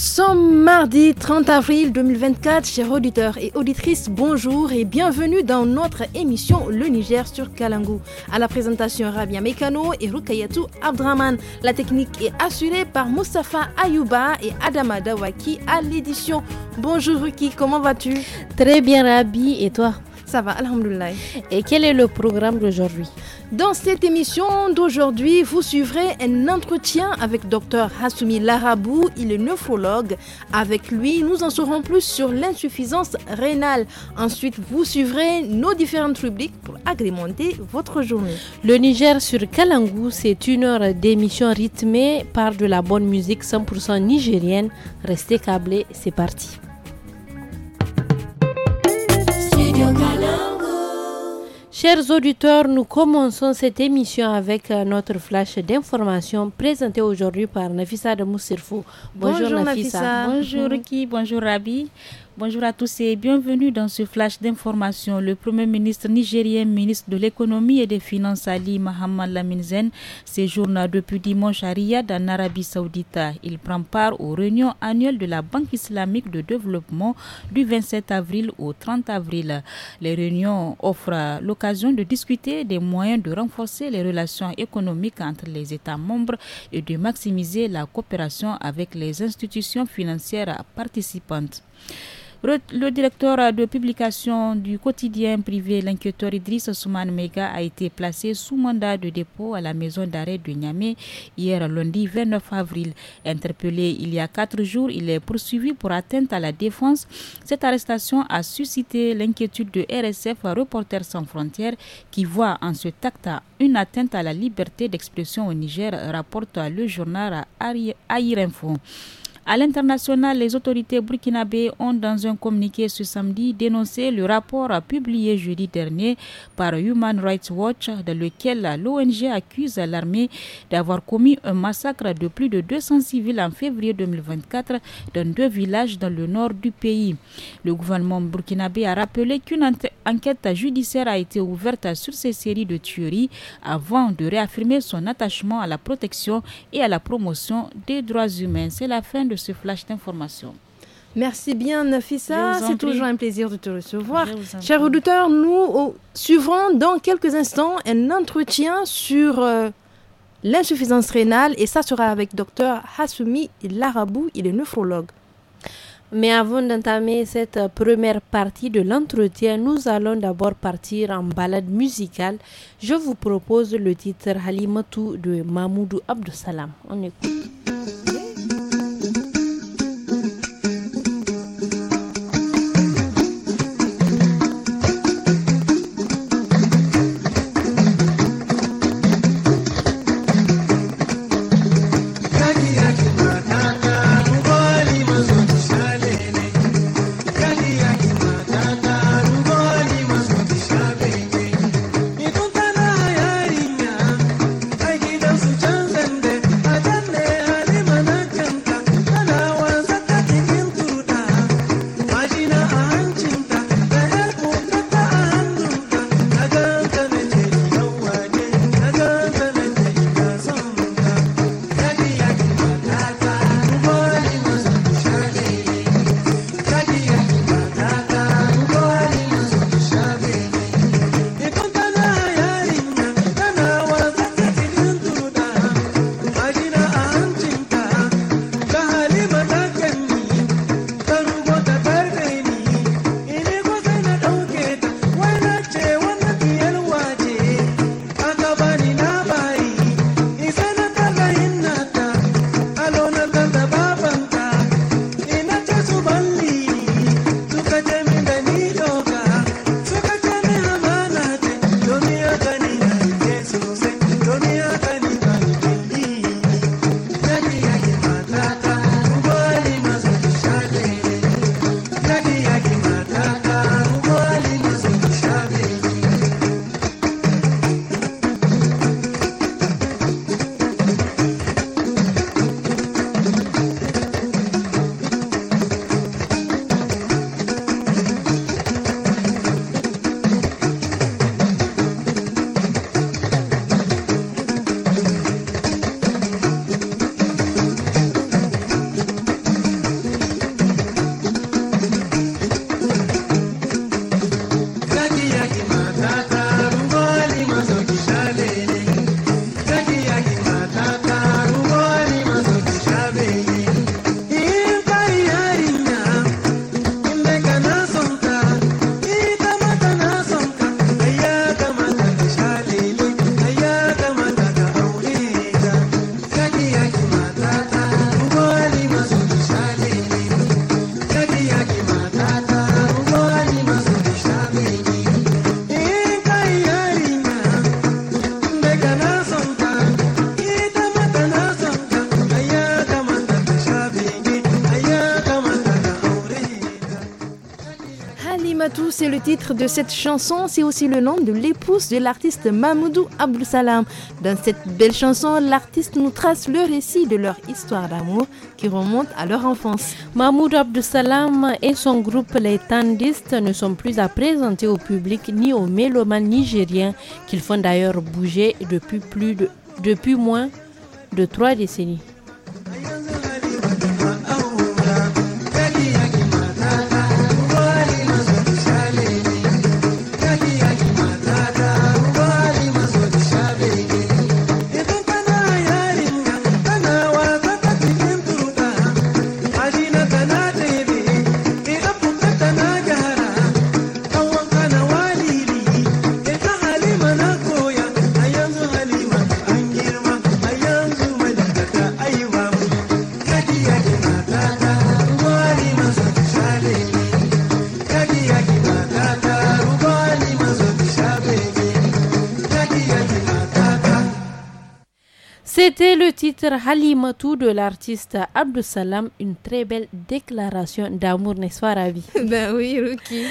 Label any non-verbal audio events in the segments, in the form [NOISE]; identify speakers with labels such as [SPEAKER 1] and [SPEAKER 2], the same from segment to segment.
[SPEAKER 1] sommes mardi 30 avril 2024, chers auditeurs et auditrices, bonjour et bienvenue dans notre émission Le Niger sur Kalangou. À la présentation, Rabia Mekano et Rukayatou Abdraman. La technique est assurée par Mustafa Ayouba et Adama Dawaki à l'édition. Bonjour Ruki, comment vas-tu Très bien Rabi et toi ça va, Alhamdulillah. Et quel est le programme d'aujourd'hui Dans cette émission d'aujourd'hui, vous suivrez un entretien avec Dr Hassoumi Larabou, il est néphrologue. Avec lui, nous en saurons plus sur l'insuffisance rénale. Ensuite, vous suivrez nos différentes rubriques pour agrémenter votre journée. Le Niger sur Kalangou,
[SPEAKER 2] c'est une heure d'émission rythmée par de la bonne musique 100% nigérienne. Restez câblés, c'est parti. Chers auditeurs, nous commençons cette émission avec euh, notre flash d'information présenté aujourd'hui par Nafissa de Moussirfou. Bonjour, bonjour Nafissa. Bonjour
[SPEAKER 3] Ricky, bonjour Rabi. Bonjour à tous et bienvenue dans ce flash d'information. Le Premier ministre nigérien, ministre de l'économie et des finances Ali Mohamed Laminzen, séjourne depuis dimanche à Riyad en Arabie Saoudite. Il prend part aux réunions annuelles de la Banque islamique de développement du 27 avril au 30 avril. Les réunions offrent l'occasion de discuter des moyens de renforcer les relations économiques entre les États membres et de maximiser la coopération avec les institutions financières participantes. Le directeur de publication du quotidien privé, l'inquiéteur Idriss Souman Mega, a été placé sous mandat de dépôt à la maison d'arrêt de Niamey hier lundi 29 avril. Interpellé il y a quatre jours, il est poursuivi pour atteinte à la défense. Cette arrestation a suscité l'inquiétude de RSF reporter sans frontières qui voit en ce TACTA une atteinte à la liberté d'expression au Niger, rapporte le journal Air Info. À l'international, les autorités burkinabées ont, dans un communiqué ce samedi, dénoncé le rapport publié jeudi dernier par Human Rights Watch, dans lequel l'ONG accuse l'armée d'avoir commis un massacre de plus de 200 civils en février 2024 dans deux villages dans le nord du pays. Le gouvernement burkinabé a rappelé qu'une enquête judiciaire a été ouverte sur ces séries de tueries avant de réaffirmer son attachement à la protection et à la promotion des droits humains. C'est la fin de ce flash d'information.
[SPEAKER 1] Merci bien, Nafissa. C'est toujours un
[SPEAKER 3] plaisir de te recevoir. cher
[SPEAKER 1] auditeurs, nous suivrons dans quelques instants un entretien sur euh, l'insuffisance rénale et ça sera avec docteur Hassoumi Larabou, il est nephrologue.
[SPEAKER 2] Mais avant d'entamer cette première partie de l'entretien, nous allons d'abord partir en balade musicale. Je vous propose le titre Halimatu de Mahmoudou Abdou On écoute.
[SPEAKER 1] le titre de cette chanson, c'est aussi le nom de l'épouse de l'artiste Mahmoudou Abdou Salam. Dans cette belle chanson, l'artiste nous trace le récit de leur histoire d'amour qui remonte à leur enfance.
[SPEAKER 2] Mahmoud Abdou Salam et son groupe Les Tandistes ne sont plus à présenter au public ni aux mélomanes nigériens qu'ils font d'ailleurs bouger depuis plus de depuis moins de trois décennies. halimato Halimatou de l'artiste Abdou Salam, une très belle déclaration d'amour, n'est-ce pas, Ravi
[SPEAKER 1] [LAUGHS] Ben oui, Ruki.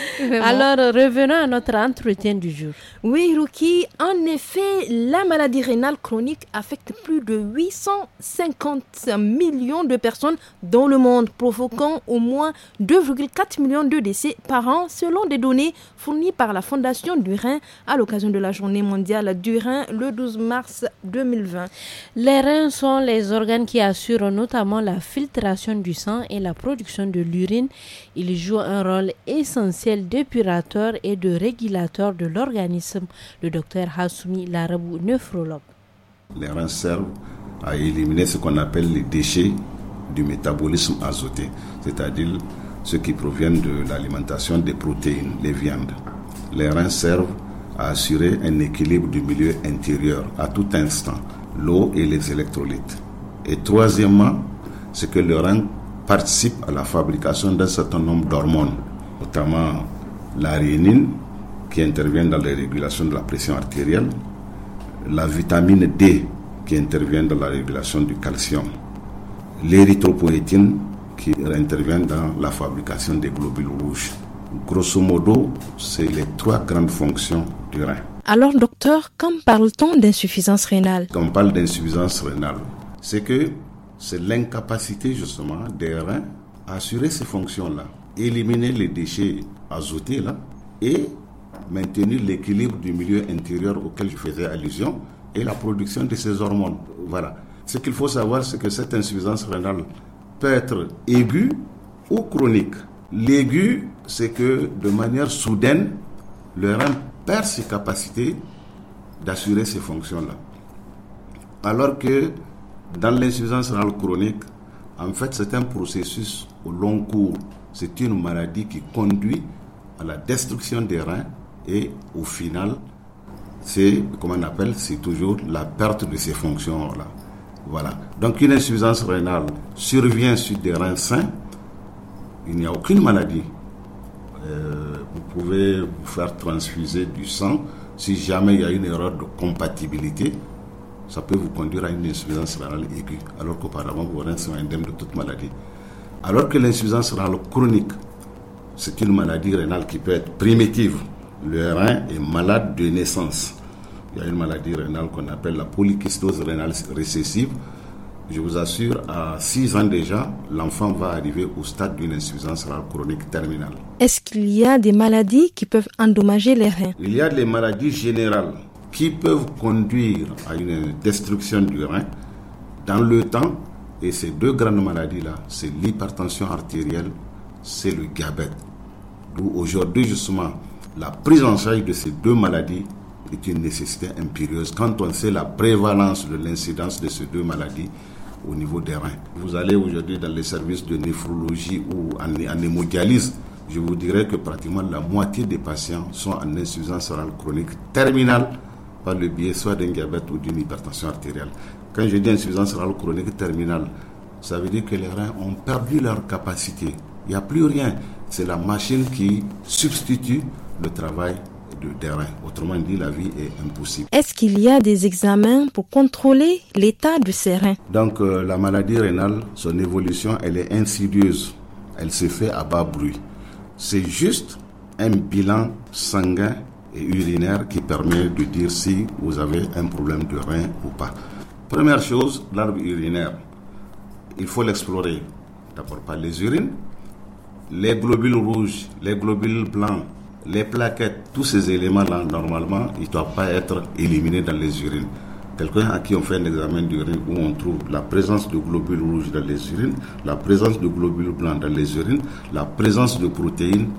[SPEAKER 4] Alors,
[SPEAKER 2] revenons à notre
[SPEAKER 1] entretien du jour. Oui, Ruki, en effet, la maladie rénale chronique affecte plus de 850 millions de personnes dans le monde, provoquant au moins 2,4 millions de décès par an, selon des données fournies par la Fondation du Rhin à l'occasion de la Journée mondiale du Rhin le 12 mars 2020.
[SPEAKER 2] Les reins sont les organes qui assurent notamment la filtration du sang et la production de l'urine. Ils jouent un rôle essentiel d'épurateur et de régulateur de l'organisme, le docteur Hassoumi Larabou, néphrologue.
[SPEAKER 5] Les reins servent à éliminer ce qu'on appelle les déchets du métabolisme azoté, c'est-à-dire ceux qui proviennent de l'alimentation des protéines, les viandes. Les reins servent à assurer un équilibre du milieu intérieur à tout instant l'eau et les électrolytes. Et troisièmement, c'est que le rein participe à la fabrication d'un certain nombre d'hormones, notamment l'arénine, qui intervient dans la régulation de la pression artérielle, la vitamine D qui intervient dans la régulation du calcium, l'érythropoétine qui intervient dans la fabrication des globules rouges. Grosso modo, c'est les trois grandes fonctions du rein.
[SPEAKER 1] Alors docteur, quand parle-t-on d'insuffisance rénale
[SPEAKER 5] Quand on parle d'insuffisance rénale, c'est que c'est l'incapacité justement des reins à assurer ces fonctions-là, éliminer les déchets azotés là et maintenir l'équilibre du milieu intérieur auquel je faisais allusion et la production de ces hormones. Voilà. Ce qu'il faut savoir, c'est que cette insuffisance rénale peut être aiguë ou chronique. L'aiguë, c'est que de manière soudaine, le rein ses capacités d'assurer ses fonctions-là. Alors que dans l'insuffisance rénale chronique, en fait, c'est un processus au long cours. C'est une maladie qui conduit à la destruction des reins et au final, c'est, comme on appelle, c'est toujours la perte de ces fonctions-là. Voilà. Donc une insuffisance rénale survient sur des reins sains. Il n'y a aucune maladie. Euh, pouvez vous faire transfuser du sang. Si jamais il y a une erreur de compatibilité, ça peut vous conduire à une insuffisance rénale aiguë, alors qu'auparavant vos reins sont indemnes de toute maladie. Alors que l'insuffisance rénale chronique, c'est une maladie rénale qui peut être primitive. Le rein est malade de naissance. Il y a une maladie rénale qu'on appelle la polykystose rénale récessive je vous assure, à 6 ans déjà, l'enfant va arriver au stade d'une insuffisance rare chronique terminale.
[SPEAKER 1] Est-ce qu'il y a des maladies qui peuvent endommager les
[SPEAKER 6] reins
[SPEAKER 5] Il y a des maladies générales qui peuvent conduire à une destruction du rein dans le temps. Et ces deux grandes maladies-là, c'est l'hypertension artérielle, c'est le diabète. D'où aujourd'hui, justement, la prise en charge de ces deux maladies est une nécessité impérieuse. Quand on sait la prévalence de l'incidence de ces deux maladies, au niveau des reins. Vous allez aujourd'hui dans les services de néphrologie ou en, en hémodialyse, je vous dirais que pratiquement la moitié des patients sont en insuffisance orale chronique terminale par le biais soit d'un diabète ou d'une hypertension artérielle. Quand je dis insuffisance orale chronique terminale, ça veut dire que les reins ont perdu leur capacité. Il n'y a plus rien. C'est la machine qui substitue le travail de terrain. Autrement dit, la vie est impossible.
[SPEAKER 1] Est-ce qu'il y a des examens pour contrôler l'état du reins
[SPEAKER 5] Donc, euh, la maladie rénale, son évolution, elle est insidieuse. Elle se fait à bas bruit. C'est juste un bilan sanguin et urinaire qui permet de dire si vous avez un problème de rein ou pas. Première chose, l'arbre urinaire. Il faut l'explorer. D'abord par les urines, les globules rouges, les globules blancs, les plaquettes, tous ces éléments-là, normalement, ils ne doivent pas être éliminés dans les urines. Quelqu'un à qui on fait un examen d'urine où on trouve la présence de globules rouges dans les urines, la présence de globules blancs dans les urines, la présence de protéines,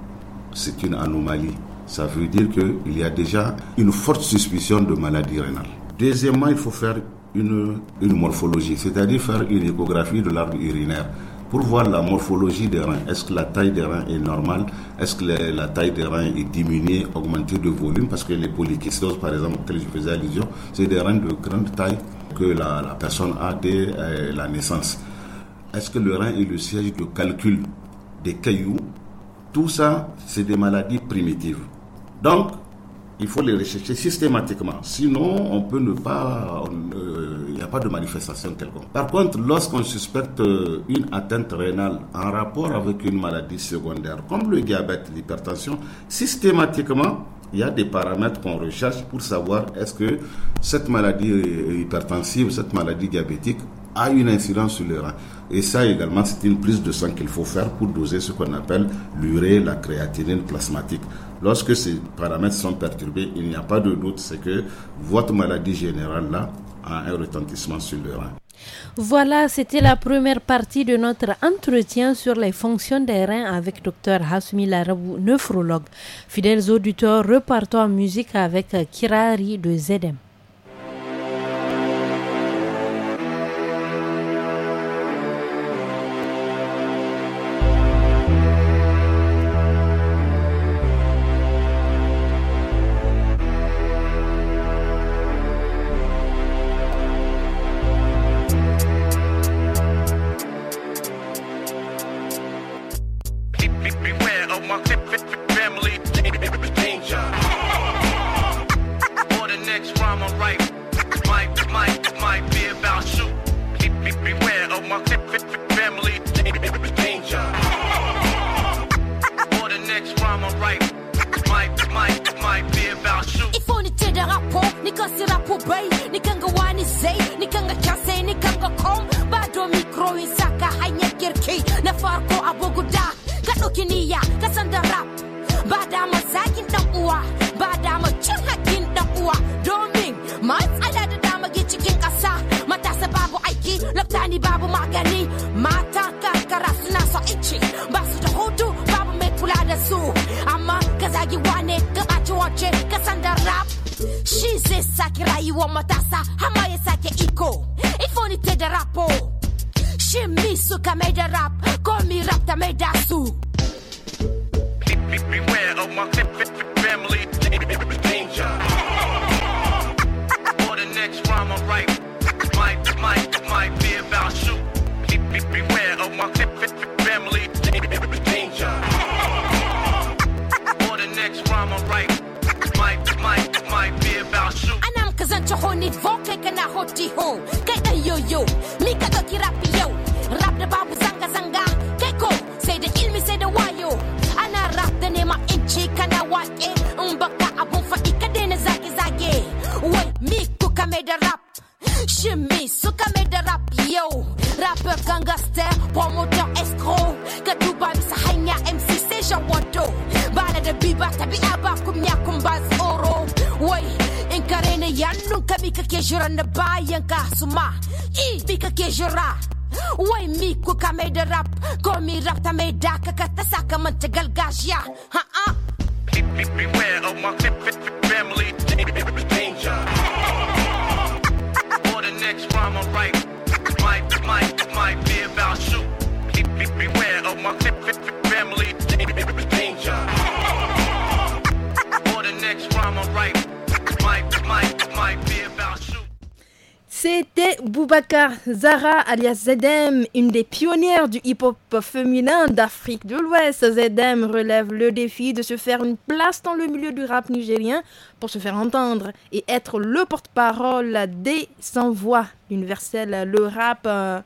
[SPEAKER 5] c'est une anomalie. Ça veut dire qu'il y a déjà une forte suspicion de maladie rénale. Deuxièmement, il faut faire une, une morphologie, c'est-à-dire faire une échographie de l'arbre urinaire pour voir la morphologie des reins. Est-ce que la taille des reins est normale Est-ce que la, taille des reins est diminuée, augmentée de volume Parce que les polykystoses, par exemple, auxquelles je faisais allusion, c'est des reins de grande taille que la, personne a dès euh, la naissance. Est-ce que le rein est le siège de calcul des cailloux Tout ça, c'est des maladies primitives. Donc, il faut les rechercher systématiquement. Sinon, on peut ne pas, euh, il n'y a pas de manifestation quelconque. Par contre, lorsqu'on suspecte euh, une atteinte rénale en rapport avec une maladie secondaire, comme le diabète, l'hypertension, systématiquement, il y a des paramètres qu'on recherche pour savoir est-ce que cette maladie euh, hypertensive, cette maladie diabétique a une incidence sur le rein. Et ça également, c'est une prise de sang qu'il faut faire pour doser ce qu'on appelle l'urée, la créatinine plasmatique. Lorsque ces paramètres sont perturbés, il n'y a pas de doute, c'est que votre maladie générale là a un retentissement sur le rein.
[SPEAKER 2] Voilà, c'était la première partie de notre entretien sur les fonctions des reins avec Dr Hasmi Larabou, nephrologue. Fidèles auditeurs, repartons en musique avec Kirari de Zedem.
[SPEAKER 7] made her rap. Shimmy, suka made her rap, yo. Rapper gangster, promoteur escroc. Katuba bisa hanya MC Seja Wado. Bala da biba tabi aba kumya kumbaz oro. Wai, in kare ne yannun ka mika ke suma. I, mika ke jira. mi kuka made her rap. Call rap ta made daka ka ta saka Ha-ha.
[SPEAKER 8] Beware of my family danger next rhyme I write might, might, might be about you. Be, be, beware of my family danger. or the next rhyme I write might, might, might be about you.
[SPEAKER 1] C'était Boubacar Zara alias Zedem, une des pionnières du hip-hop féminin d'Afrique de l'Ouest. Zedem relève le défi de se faire une place dans le milieu du rap nigérien pour se faire entendre et être le porte-parole des sans-voix universelles. le rap. Euh,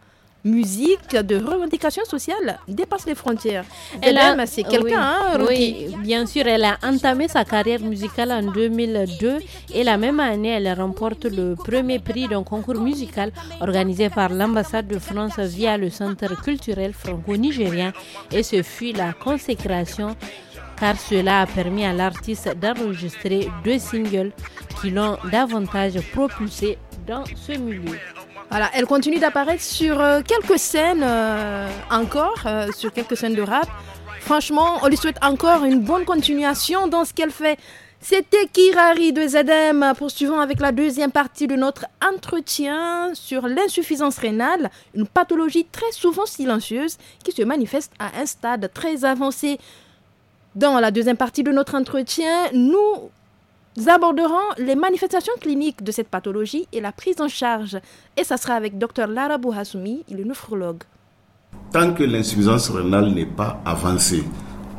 [SPEAKER 1] musique, de revendication sociale dépasse les frontières.
[SPEAKER 6] Elle c'est quelqu'un, hein,
[SPEAKER 1] bien sûr, elle a entamé sa carrière musicale
[SPEAKER 6] en
[SPEAKER 2] 2002 et la même année, elle remporte le premier prix d'un concours musical organisé par l'ambassade de France via le Centre culturel franco-nigérien et ce fut la consécration car cela a permis à l'artiste d'enregistrer
[SPEAKER 1] deux singles qui l'ont davantage propulsé
[SPEAKER 2] dans ce milieu.
[SPEAKER 1] Voilà, elle continue d'apparaître sur euh, quelques scènes euh, encore, euh, sur quelques scènes de rap. Franchement, on lui souhaite encore une bonne continuation dans ce qu'elle fait. C'était Kirari de ZM, poursuivant avec la deuxième partie de notre entretien sur l'insuffisance rénale, une pathologie très souvent silencieuse qui se manifeste à un stade très avancé. Dans la deuxième partie de notre entretien, nous nous aborderons les manifestations cliniques de cette pathologie et la prise en charge. Et ça sera avec Dr Lara Bouhassoumi, le nephrologue.
[SPEAKER 5] Tant que l'insuffisance rénale n'est pas avancée,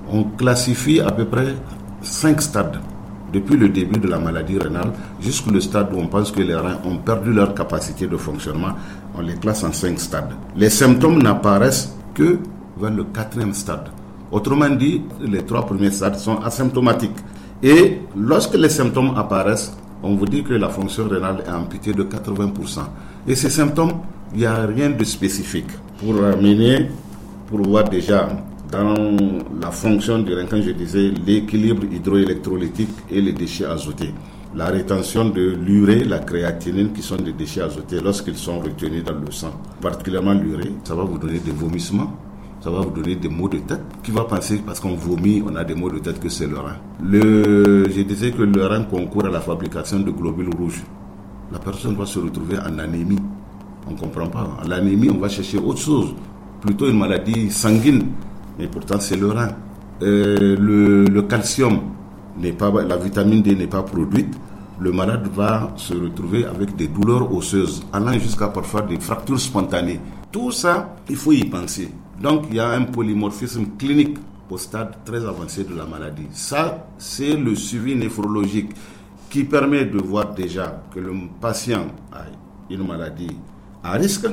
[SPEAKER 5] on classifie à peu près cinq stades depuis le début de la maladie rénale jusqu'au stade où on pense que les reins ont perdu leur capacité de fonctionnement. On les classe en cinq stades. Les symptômes n'apparaissent que vers le quatrième stade. Autrement dit, les trois premiers stades sont asymptomatiques. Et lorsque les symptômes apparaissent, on vous dit que la fonction rénale est amputée de 80%. Et ces symptômes, il n'y a rien de spécifique. Pour amener pour voir déjà dans la fonction du rein, je disais l'équilibre hydroélectrolytique et les déchets azotés. La rétention de l'urée, la créatinine, qui sont des déchets azotés lorsqu'ils sont retenus dans le sang, particulièrement l'urée, ça va vous donner des vomissements, ça va vous donner des maux de tête. Qui va penser, parce qu'on vomit, on a des maux de tête, que c'est le rein. Le, je disais que le rein concourt à la fabrication de globules rouges. La personne va se retrouver en anémie. On ne comprend pas. Hein. l'anémie, on va chercher autre chose, plutôt une maladie sanguine. Mais pourtant, c'est le rein. Euh, le, le calcium, n'est pas, la vitamine D n'est pas produite le malade va se retrouver avec des douleurs osseuses, allant jusqu'à parfois des fractures spontanées. Tout ça, il faut y penser. Donc il y a un polymorphisme clinique au stade très avancé de la maladie. Ça, c'est le suivi néphrologique qui permet de voir déjà que le patient a une maladie à risque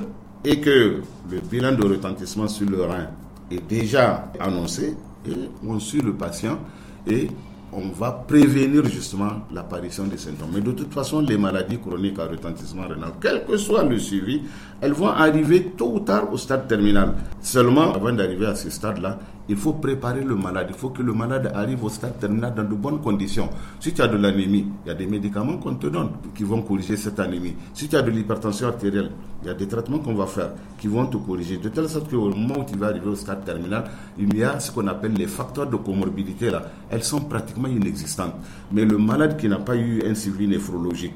[SPEAKER 5] et que le bilan de retentissement sur le rein est déjà annoncé et on suit le patient et on va prévenir justement l'apparition des symptômes. Mais de toute façon, les maladies chroniques à retentissement rénal, quel que soit le suivi, elles vont arriver tôt ou tard au stade terminal. Seulement, avant d'arriver à ce stade-là, il faut préparer le malade. Il faut que le malade arrive au stade terminal dans de bonnes conditions. Si tu as de l'anémie, il y a des médicaments qu'on te donne qui vont corriger cette anémie. Si tu as de l'hypertension artérielle, il y a des traitements qu'on va faire qui vont te corriger. De telle sorte qu'au moment où tu vas arriver au stade terminal, il y a ce qu'on appelle les facteurs de comorbidité. là. Elles sont pratiquement inexistantes. Mais le malade qui n'a pas eu un suivi néphrologique,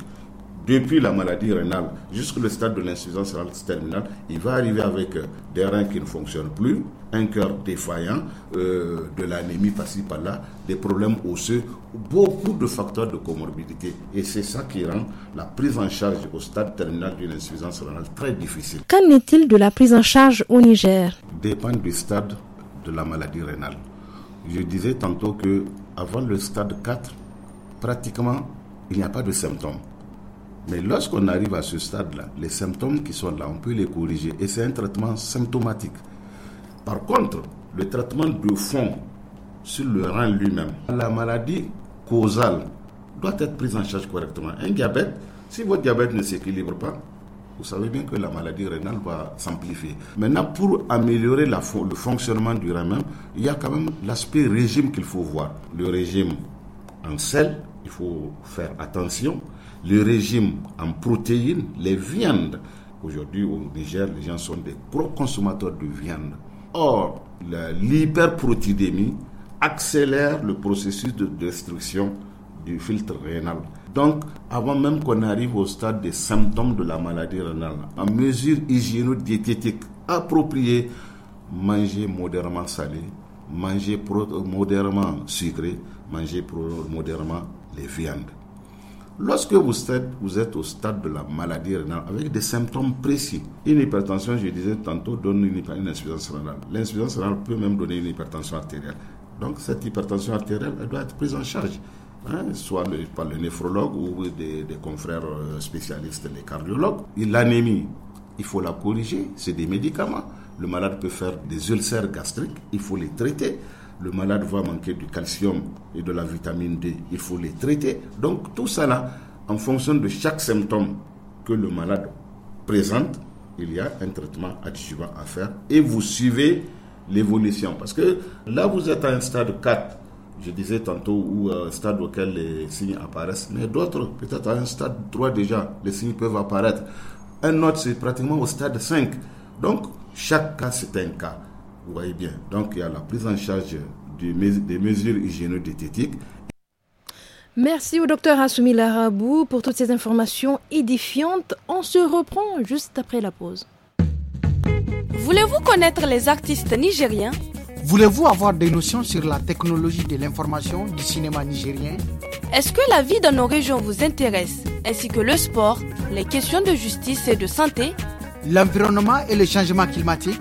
[SPEAKER 5] depuis la maladie rénale jusqu'au stade de l'insuffisance rénale terminale, il va arriver avec euh, des reins qui ne fonctionnent plus, un cœur défaillant, euh, de l'anémie par par-là, des problèmes osseux, beaucoup de facteurs de comorbidité. Et c'est ça qui rend la prise en charge au stade terminal d'une insuffisance rénale très difficile.
[SPEAKER 1] Qu'en est-il de la prise en charge au Niger
[SPEAKER 5] Dépend du stade de la maladie rénale. Je disais tantôt que avant le stade 4, pratiquement, il n'y a pas de symptômes. Mais lorsqu'on arrive à ce stade-là, les symptômes qui sont là, on peut les corriger. Et c'est un traitement symptomatique. Par contre, le traitement de fond sur le rein lui-même, la maladie causale doit être prise en charge correctement. Un diabète, si votre diabète ne s'équilibre pas, vous savez bien que la maladie rénale va s'amplifier. Maintenant, pour améliorer la le fonctionnement du rein même, il y a quand même l'aspect régime qu'il faut voir. Le régime en sel, il faut faire attention le régime en protéines, les viandes. Aujourd'hui au Niger, les gens sont des gros consommateurs de viande. Or, l'hyperprotidémie accélère le processus de destruction du filtre rénal. Donc, avant même qu'on arrive au stade des symptômes de la maladie rénale, en mesure hygiéno-diététique appropriée, manger modérément salé, manger modérément sucré, manger modérément les viandes. Lorsque vous êtes, vous êtes au stade de la maladie rénale avec des symptômes précis, une hypertension, je disais tantôt, donne une, insuffisance rénale. L'insuffisance rénale peut même donner une hypertension artérielle. Donc cette hypertension artérielle, elle doit être prise en charge, hein, soit par le néphrologue ou des, des confrères euh, spécialistes, les cardiologues. L'anémie, il faut la corriger, c'est des médicaments. Le malade peut faire des ulcères gastriques, il faut les traiter le malade va manquer du calcium et de la vitamine D. Il faut les traiter. Donc tout cela en fonction de chaque symptôme que le malade présente, il y a un traitement adjuvant à faire et vous suivez l'évolution. Parce que là, vous êtes à un stade 4, je disais tantôt, ou euh, un stade auquel les signes apparaissent, mais d'autres, peut-être à un stade 3 déjà, les signes peuvent apparaître. Un autre, c'est pratiquement au stade 5. Donc, chaque cas, c'est un cas. Vous voyez bien. Donc il y a la prise en charge des mesures hygiéno
[SPEAKER 1] Merci au docteur Assoumi Larabou pour toutes ces informations édifiantes. On se reprend juste après
[SPEAKER 9] la pause. Voulez-vous connaître les artistes nigériens
[SPEAKER 10] Voulez-vous avoir des notions sur la technologie de l'information du cinéma nigérien
[SPEAKER 9] Est-ce que la vie dans nos régions vous intéresse, ainsi que le sport, les questions de justice et de santé
[SPEAKER 10] L'environnement et le changement climatique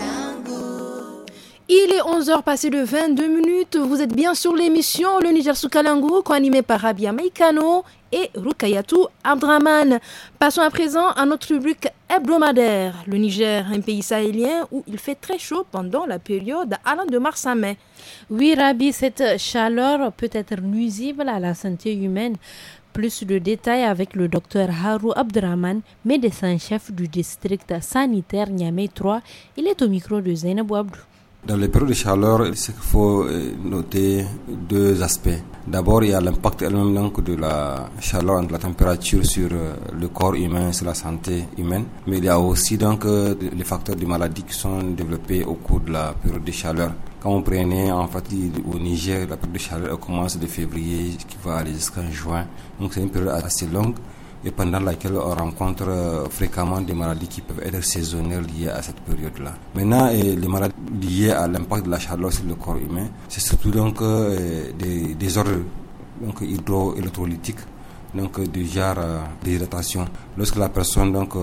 [SPEAKER 1] Il est 11h passé de 22 minutes. Vous êtes bien sur l'émission Le Niger sous Kalangu, co animé par Rabia Meikano et Rukayatou Abdraman. Passons à présent à notre rubrique hebdomadaire. Le Niger, un pays sahélien où il fait très chaud pendant la période allant de mars à mai. Oui, Rabi, cette chaleur peut être nuisible à la santé
[SPEAKER 2] humaine. Plus de détails avec le docteur Harou Abdraman, médecin-chef du district sanitaire Niamey 3. Il est au micro de Zainabou Abdou.
[SPEAKER 11] Dans les périodes de chaleur, il faut euh, noter deux aspects. D'abord, il y a l'impact elle-même de la chaleur, de la température sur euh, le corps humain, sur la santé humaine. Mais il y a aussi donc euh, les facteurs de maladie qui sont développés au cours de la période de chaleur. Quand on prenait en fait au Niger, la période de chaleur commence de février qui va aller jusqu'en juin. Donc c'est une période assez longue et pendant laquelle on rencontre euh, fréquemment des maladies qui peuvent être saisonnières liées à cette période-là. Maintenant, les maladies liées à l'impact de la chaleur sur le corps humain, c'est surtout donc euh, des désordres donc hydroélectrolytiques donc euh, du genre d'hydratation. Lorsque la personne donc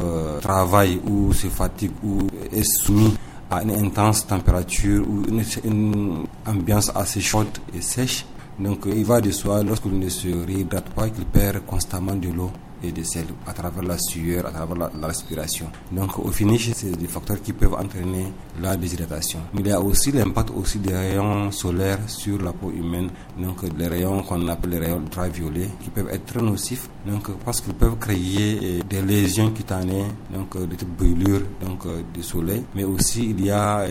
[SPEAKER 11] travaille ou se fatigue ou est soumise à une intense température ou une, ambiance assez chaude et sèche, donc il va de soi lorsqu'il ne se réhydrate pas qu'il perd constamment de l'eau et de sel à travers la sueur, à travers la, respiration. Donc au finish, c'est des facteurs qui peuvent entraîner la déshydratation. Il y a aussi l'impact aussi des rayons solaires sur la peau humaine, donc les rayons qu'on appelle les rayons ultraviolets, qui peuvent être très nocifs, donc parce qu'ils peuvent créer euh, des lésions cutanées, donc euh, des brûlures, donc euh, du soleil. Mais aussi il y a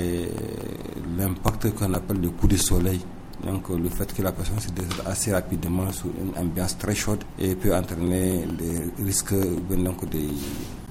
[SPEAKER 11] l'impact qu'on appelle le coup de soleil donc euh, le fait que la personne se déshydrate assez rapidement sous une ambiance très chaude et peut entraîner des risques, ben, donc des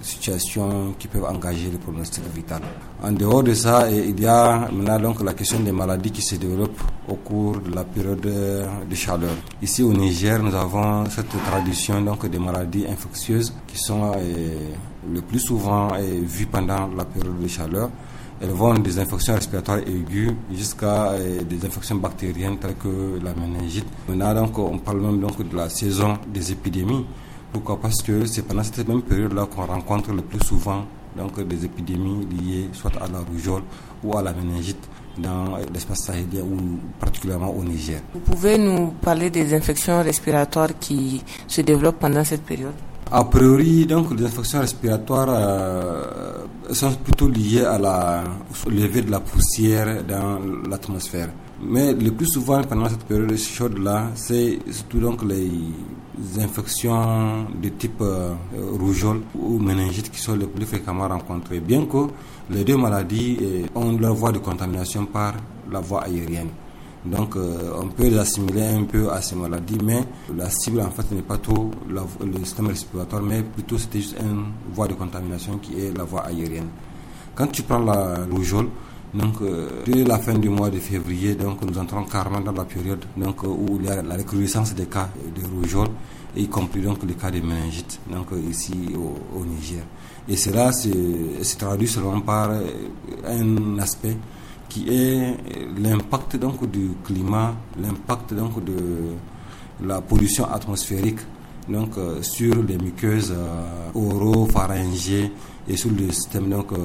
[SPEAKER 11] situations qui peuvent engager les pronostic vital. En dehors de ça, il y a maintenant la question des maladies qui se développent au cours de la période de chaleur. Ici au Niger, nous avons cette tradition donc des maladies infectieuses qui sont euh, le plus souvent euh, vues pendant la période de chaleur. Elles vont des infections respiratoires aiguës jusqu'à euh, des infections bactériennes telles que la méningite. On, donc, on parle même donc de la saison des épidémies. Pourquoi Parce que c'est pendant cette même période-là qu'on rencontre le plus souvent donc, des épidémies liées soit à la rougeole ou à la méningite dans euh, l'espace sahélien ou particulièrement au Niger. Vous
[SPEAKER 12] pouvez nous parler des infections respiratoires qui se développent pendant cette période
[SPEAKER 11] a priori, donc, les infections respiratoires euh, sont plutôt liées à la levée de la poussière dans l'atmosphère. Mais le plus souvent, pendant cette période chaude-là, c'est surtout les infections de type euh, rougeole ou méningite qui sont les plus fréquemment rencontrées. Bien que les deux maladies euh, ont leur voie de contamination par la voie aérienne. Donc euh, on peut l'assimiler un peu à ces maladies, mais la cible en fait n'est pas trop le système respiratoire, mais plutôt c'était juste une voie de contamination qui est la voie aérienne. Quand tu prends la rougeole, donc, euh, dès la fin du mois de février, donc, nous entrons carrément dans la période donc, euh, où il y a la recrudescence des cas de rougeole, y compris donc, les cas de méningite donc, ici au, Niger. Et cela se traduit selon par un aspect qui est l'impact donc du climat, l'impact donc de la pollution atmosphérique donc euh, sur les muqueuses oro euh, oropharyngées et sur le système donc les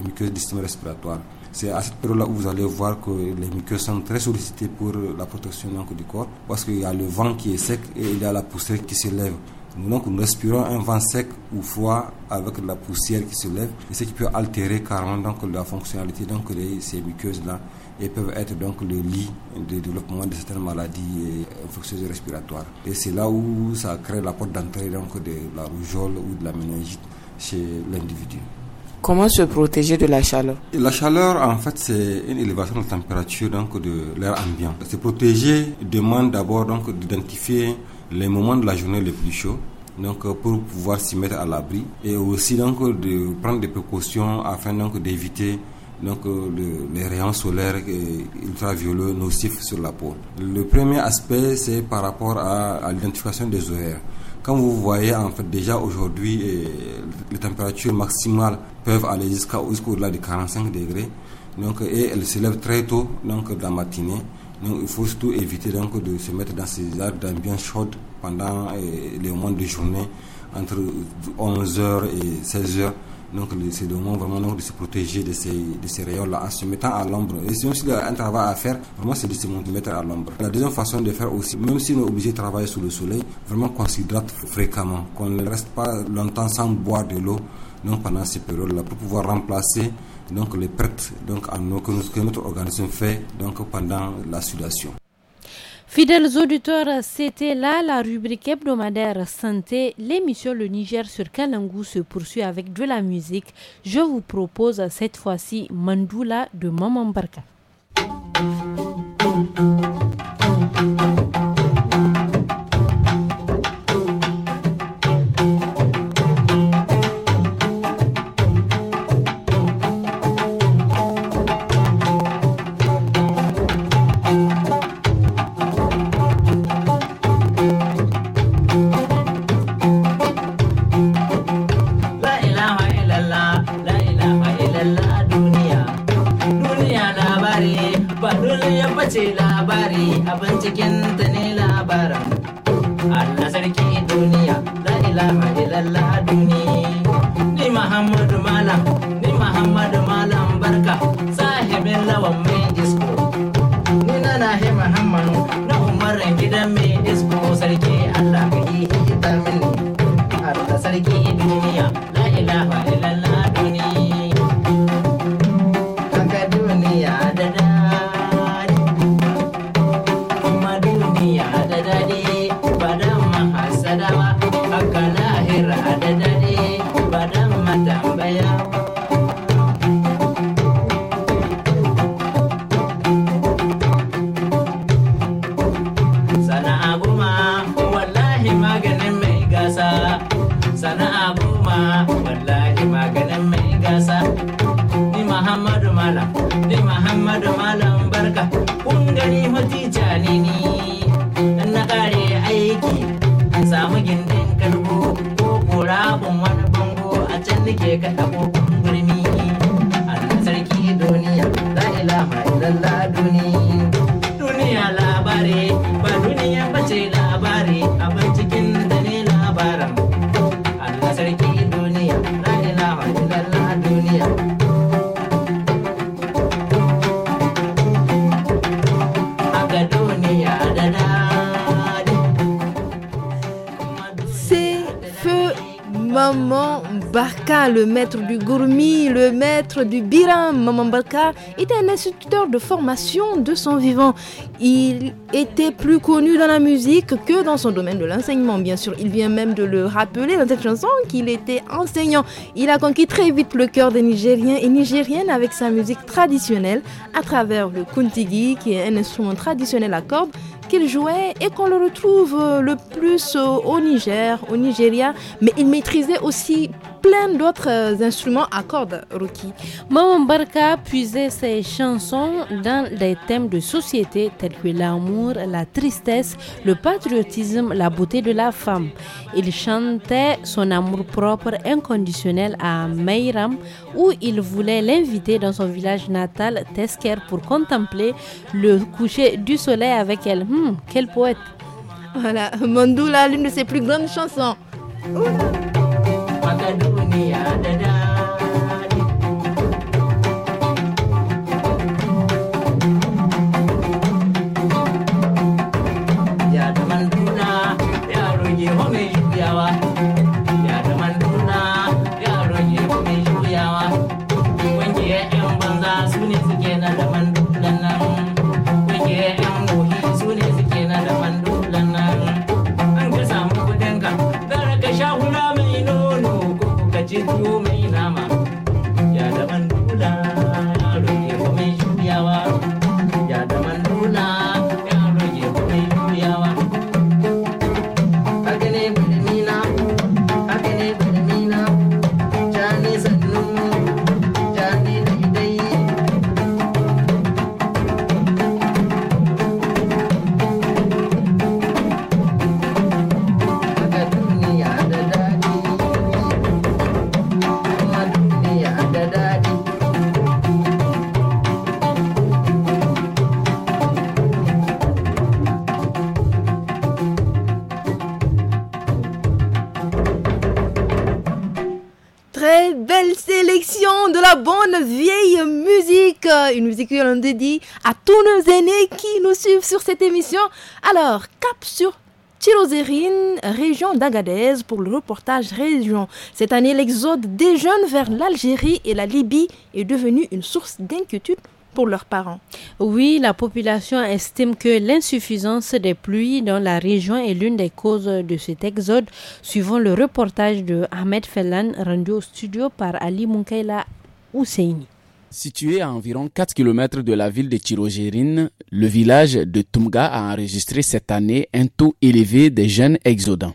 [SPEAKER 11] euh, muqueuses du système respiratoire. C'est à cette période-là où vous allez voir que les muqueuses sont très sollicitées pour la protection donc, du corps parce qu'il y a le vent qui est sec et il y a la poussière qui s'élève. Donc nous respirons un vent sec ou froid avec de la poussière qui se lève, et ce qui peut altérer carrément donc, la fonctionnalité donc, de ces muqueuses-là et peuvent être donc le lit de développement de certaines maladies infectieuses respiratoires. Et c'est là où ça crée la porte d'entrée donc de la rougeole ou de la méningite chez l'individu.
[SPEAKER 13] Comment se protéger de la chaleur
[SPEAKER 11] La chaleur, en fait, c'est une élévation de la température donc, de l'air ambiant. Se protéger demande d'abord donc d'identifier les moments de la journée les plus chauds donc euh, pour pouvoir s'y mettre à l'abri et aussi donc de prendre des précautions afin donc d'éviter donc euh, les rayons solaires et ultraviolets nocifs sur la peau. Le premier aspect c'est par rapport à, l'identification des horaires. Comme vous voyez, en fait, déjà aujourd'hui, les températures maximales peuvent aller jusqu'à jusqu'au-delà de 45 degrés. Donc, et elles s'élèvent très tôt, donc, dans la matinée. Donc il faut surtout éviter donc, de se mettre dans ces arbres d'ambiance chaude pendant eh, les mois de journée entre 11h et 16h. Donc c'est vraiment de se protéger de ces, de ces rayons-là en se mettant à l'ombre. Et c'est aussi un travail à faire, vraiment c'est de se mettre à l'ombre. La deuxième façon de faire aussi, même si on est obligé de travailler sous le soleil, vraiment qu'on s'hydrate fréquemment, qu'on ne reste pas longtemps sans boire de l'eau donc pendant ces périodes-là pour pouvoir remplacer donc les prêts donc, à que, que notre organisme fait donc, pendant la sudation.
[SPEAKER 2] Fidèles auditeurs, c'était là la rubrique hebdomadaire santé. L'émission Le Niger sur Kalangou se poursuit avec de la musique. Je vous propose cette fois-ci Mandoula de Maman Barka.
[SPEAKER 1] Barka, le maître du gourmi, le maître du biram, Maman Barka, était un instituteur de formation de son vivant. Il était plus connu dans la musique que dans son domaine de l'enseignement, bien sûr. Il vient même de le rappeler dans cette chanson qu'il était enseignant. Il a conquis très vite le cœur des Nigériens et Nigériennes avec sa musique traditionnelle à travers le kuntigi, qui est un instrument traditionnel à cordes qu'il jouait et qu'on le retrouve le plus au Niger, au Nigeria, mais il maîtrisait aussi plein d'autres instruments à cordes, Rocky. Maman Barka puisait ses chansons dans des
[SPEAKER 2] thèmes de société tels que l'amour, la tristesse, le patriotisme, la beauté de la femme. Il chantait son amour propre inconditionnel à Meiram où il voulait l'inviter dans son village natal, Tesker, pour contempler
[SPEAKER 1] le coucher du soleil avec elle. Hmm, quel poète! Voilà, Mandoula, l'une de ses plus grandes chansons.
[SPEAKER 14] waka duniya da da
[SPEAKER 1] à tous nos aînés qui nous suivent sur cette émission. Alors, cap sur Tirozérine, région d'Agadez, pour le reportage région. Cette année, l'exode des jeunes vers l'Algérie et la Libye est devenu une source d'inquiétude pour leurs parents. Oui,
[SPEAKER 2] la population estime que l'insuffisance des pluies dans la région est l'une des causes de cet exode, suivant le reportage de Ahmed Fellan rendu au studio par Ali Munkaila Husseini.
[SPEAKER 15] Situé à environ 4 km de la ville de Chirogérine, le village de Tumga a enregistré cette année un taux élevé des jeunes exodants.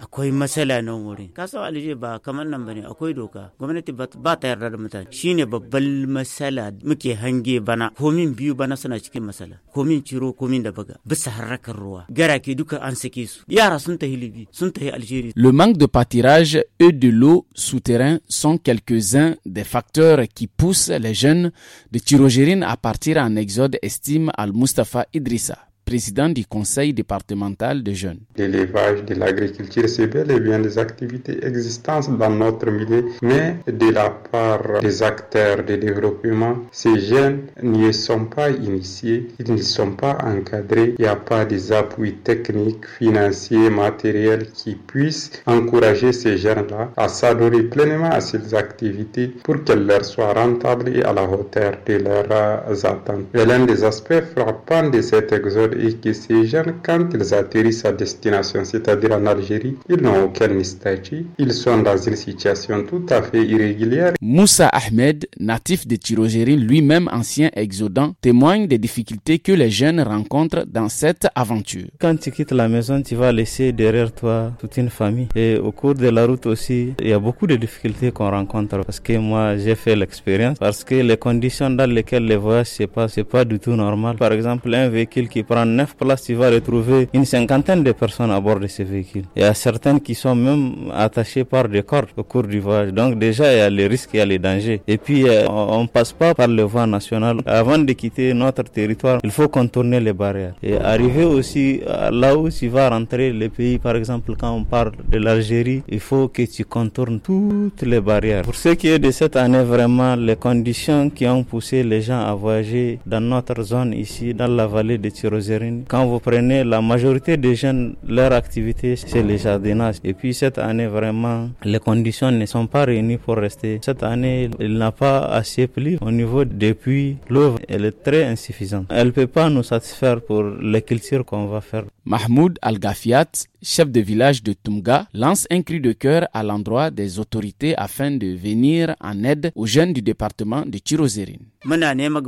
[SPEAKER 12] akwai matsala nan wurin kasan alije ba kamar nan bane akwai doka gwamnati ba ta yarda da mutane shine babban matsala muke hange bana komin biyu bana suna cikin matsala komin ciro komin da baga bisa harrakar ruwa garake duka an sake su yara sun tafi libi sun tafi
[SPEAKER 15] le manque de pâturage et de l'eau souterrain sont quelques-uns des facteurs qui poussent les jeunes de Tirogérine à partir en exode estime Al Mustafa Idrissa président du conseil départemental des jeunes.
[SPEAKER 16] L'élevage, de l'agriculture, c'est bel et bien des activités existantes dans notre milieu, mais de la part des acteurs de développement, ces jeunes n'y sont pas initiés, ils n'y sont pas encadrés, il n'y a pas des appuis techniques, financiers, matériels qui puissent encourager ces jeunes-là à s'adorer pleinement à ces activités pour qu'elles leur soient rentables et à la hauteur de leurs attentes. l'un des aspects frappants de cet exode et que ces jeunes, quand ils atterrissent à destination, c'est-à-dire en Algérie, ils n'ont aucun statut, ils sont dans une situation tout à fait irrégulière.
[SPEAKER 15] Moussa Ahmed, natif de Tirogérie, lui-même ancien exodant, témoigne des difficultés que les jeunes rencontrent dans cette aventure.
[SPEAKER 13] Quand tu quittes la maison, tu vas laisser derrière toi toute une famille. Et au cours de la route aussi, il y a beaucoup de difficultés qu'on rencontre parce que moi, j'ai fait l'expérience parce que les conditions dans lesquelles les voyages se passent, c'est pas du tout normal. Par exemple, un véhicule qui prend 9 places, tu vas retrouver une cinquantaine de personnes à bord de ces véhicules. Il y a certaines qui sont même attachées par des cordes au cours du voyage. Donc déjà, il y a les risques, il y a les dangers. Et puis, euh, on ne passe pas par le voie nationale. Avant de quitter notre territoire, il faut contourner les barrières. Et arriver aussi euh, là où tu vas rentrer les pays, par exemple, quand on parle de l'Algérie, il faut que tu contournes toutes les barrières. Pour ce qui est de cette année, vraiment, les conditions qui ont poussé les gens à voyager dans notre zone ici, dans la vallée de Tirozé, quand vous prenez la majorité des jeunes, leur activité, c'est les jardinages. Et puis cette année, vraiment, les conditions ne sont pas réunies pour rester. Cette année, il n'a pas assez plu au niveau des puits. L'eau, elle est très insuffisante. Elle peut pas nous
[SPEAKER 15] satisfaire pour les cultures qu'on va faire. Mahmoud Al-Gafiat, chef de village de Tumga, lance un cri de cœur à l'endroit des autorités afin de venir en aide aux jeunes du département de Chirozérine.
[SPEAKER 12] Prenons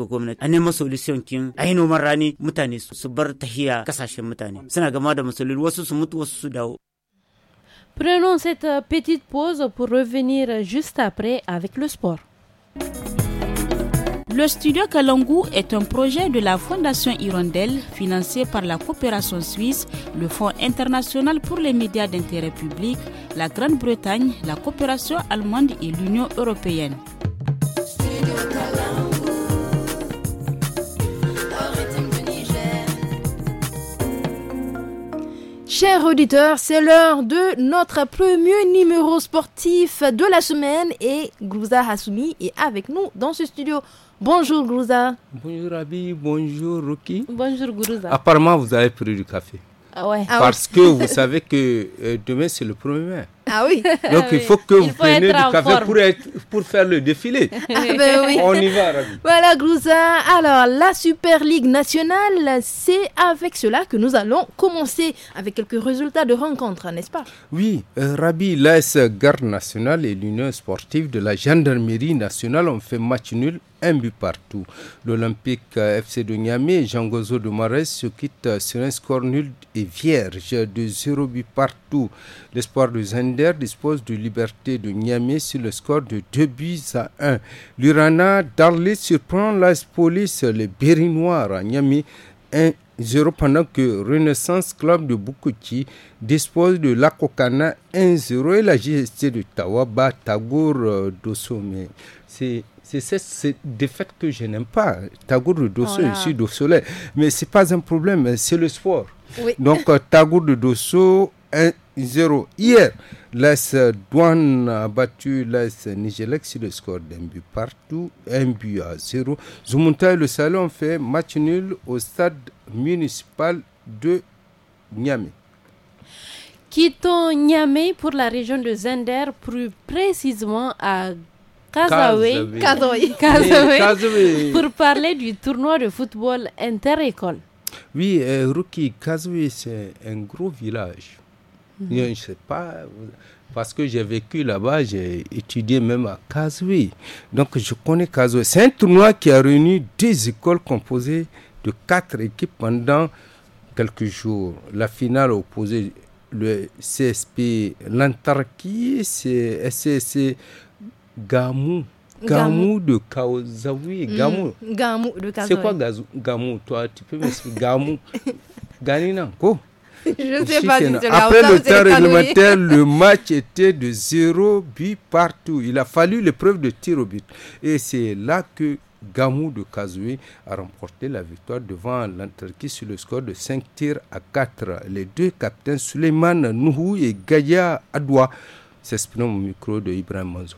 [SPEAKER 2] cette petite pause pour revenir juste après avec le sport.
[SPEAKER 3] Le studio Kalangu est un projet de la Fondation Hirondelle financé par la coopération suisse, le Fonds international pour les médias d'intérêt public, la Grande-Bretagne, la coopération allemande et l'Union européenne.
[SPEAKER 1] Chers auditeurs, c'est l'heure de notre premier numéro sportif de la semaine et Gouza Hassoumi est avec nous dans ce studio. Bonjour Grouza.
[SPEAKER 17] Bonjour Rabi. bonjour Rocky. Bonjour Grouza. Apparemment, vous avez pris du café.
[SPEAKER 1] Ah ouais. Ah Parce que [LAUGHS] vous savez
[SPEAKER 17] que euh, demain, c'est le 1er mai.
[SPEAKER 1] Ah oui. Donc ah il faut que vous preniez du café pour,
[SPEAKER 17] être, pour, faire le défilé. [LAUGHS]
[SPEAKER 1] Ah ben oui. On y va, Rabi. Voilà, Grouza. Alors, la Super Ligue nationale, c'est avec cela que nous allons commencer avec quelques résultats de rencontre, n'est-ce pas
[SPEAKER 17] Oui, euh, Rabi, l'AS Garde nationale et l'Union sportive de la gendarmerie nationale ont fait match nul un but partout. L'Olympique euh, FC de Niamey, Jean Gozo de Marais se quitte euh, sur un score nul et vierge de 0 but partout. L'espoir de Zender dispose de liberté de Niamey sur le score de 2 buts à 1. L'Urana Darley surprend la Police, les Berinois à Niamey, 1 0 pendant que Renaissance Club de Bukuti dispose de l'Akokana 1-0 et la GST de Tawaba Tagour euh, Dosome. C'est c'est des faits que je n'aime pas. Tagour Dosso, voilà. je suis Mais ce n'est pas un problème, c'est le sport. Donc, Donc, euh, de Dosso, 1-0 hier. L'AS Douane a battu l'AS Nigelec sur le score d'un but partout, un but à 0 Zumunta et le Salon fait match nul au stade municipal de Niamey.
[SPEAKER 2] Quittons Niamey pour la région de Zender, plus précisément à [LAUGHS] Kazoui,
[SPEAKER 17] Kazoui, pour
[SPEAKER 2] parler du tournoi de football inter-école.
[SPEAKER 17] Oui, euh, rookie Ruki, c'est un gros village. Hmm. Je ne sais pas, parce que j'ai vécu là-bas, j'ai étudié même à Kazoué. Donc je connais Kazoué. C'est un tournoi qui a réuni deux écoles composées de quatre équipes pendant quelques jours. La finale opposée, le CSP l'Antarquie, CSC Gamou. Gamou de Kaozawi. Mm, Gamou. Gamou de Kazoui. C'est quoi Gamou Toi, tu peux m'expliquer. Gamou. [LAUGHS] Ganina. Quoi je ne sais pas Après le temps réglementaire, le [LAUGHS] match était de zéro but partout. Il a fallu l'épreuve de tir au but. Et c'est là que Gamou de Kazoui a remporté la victoire devant l'Antarctique sur le score de 5 tirs à 4. Les deux capitaines, Suleiman Nouhou et Gaïa Adoua, s'expriment au micro de Ibrahim Manzo.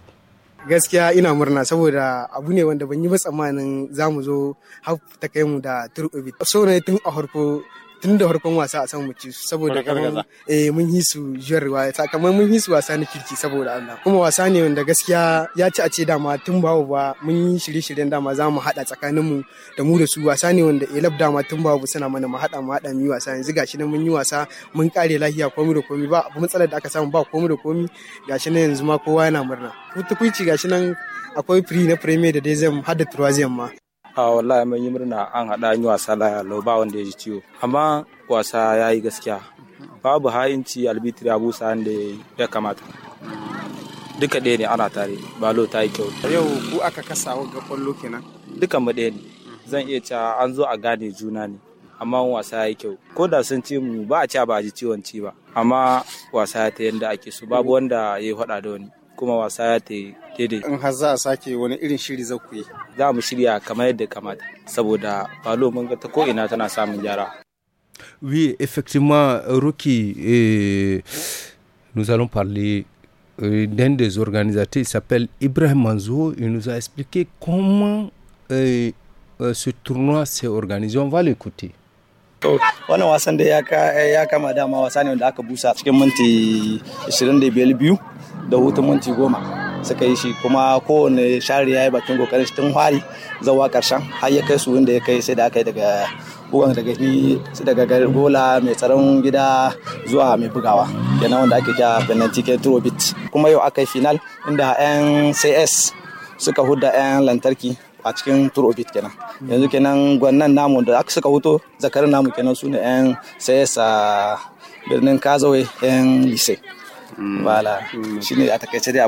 [SPEAKER 10] gaskiya ina murna saboda abu ne wanda ban yi ba tsammanin za zo hafta kai mu da turɓe so ne tun a farko tun da farkon wasa a samu ci saboda eh mun yi su jiyarwa sakamakon mun yi su wasa na kirki saboda Allah kuma wasa ne wanda gaskiya ya ci a ce dama tun bawo ba mun yi shirye-shiryen dama za mu haɗa tsakaninmu da mu da su wasa ne wanda elab dama tun bawo suna mana mu haɗa mu haɗa mu yi wasa yanzu gashi nan mun yi wasa mun kare lahiya komi da komi ba matsalar da aka samu ba komi da komi gashi nan yanzu ma kowa yana murna tukuici gashi nan akwai free na premier da dai zai hada turaziyam ma
[SPEAKER 17] a wallahi mun yi murna an haɗa an yi wasa laya lau ba wanda ya ji ciwo amma wasa ya yi gaskiya babu ha'inci albitri abu sa'an da ya kamata duka ɗaya ne ana tare balo ta yi kyau
[SPEAKER 13] yau ku aka kasa ga kwallo kenan
[SPEAKER 17] duka mu ɗaya ne zan iya cewa an zo a gane juna ne amma wasa ya yi kyau ko da sun ci mu ba a ci ba a ji ciwon ci ba amma wasa ta yadda ake so babu wanda ya yi da wani kuma wasa ta daidai. In har za a sake wani irin shiri za ku yi. Za mu shirya kamar yadda kamata saboda falo mun ga ta ko ina tana samun gyara. Oui, effectivement, Ruki, eh, nous allons parler eh, d'un des organisateurs, il s'appelle Ibrahim Manzo, il nous a expliqué comment euh, ce tournoi s'est organisé. On va l'écouter.
[SPEAKER 13] wannan wasan da ya kama dama wasa ne wanda aka busa cikin minti 25 da hutun minti goma suka yi shi kuma kowane shari ya yi bakin kokarin tun hari zawa karshen har ya kai su inda ya kai sai da aka yi daga bugan daga ni daga gola mai tsaron gida zuwa mai bugawa yana wanda ake kya penalty turo bit kuma yau aka yi final inda yan cs suka hudda yan lantarki a cikin turobit kenan yanzu kenan gwannan namu da aka suka huto zakarin namu kenan su ne yan cs a birnin kazawai yan lise Mm. Voilà. Mm. Shi ne a takaice dai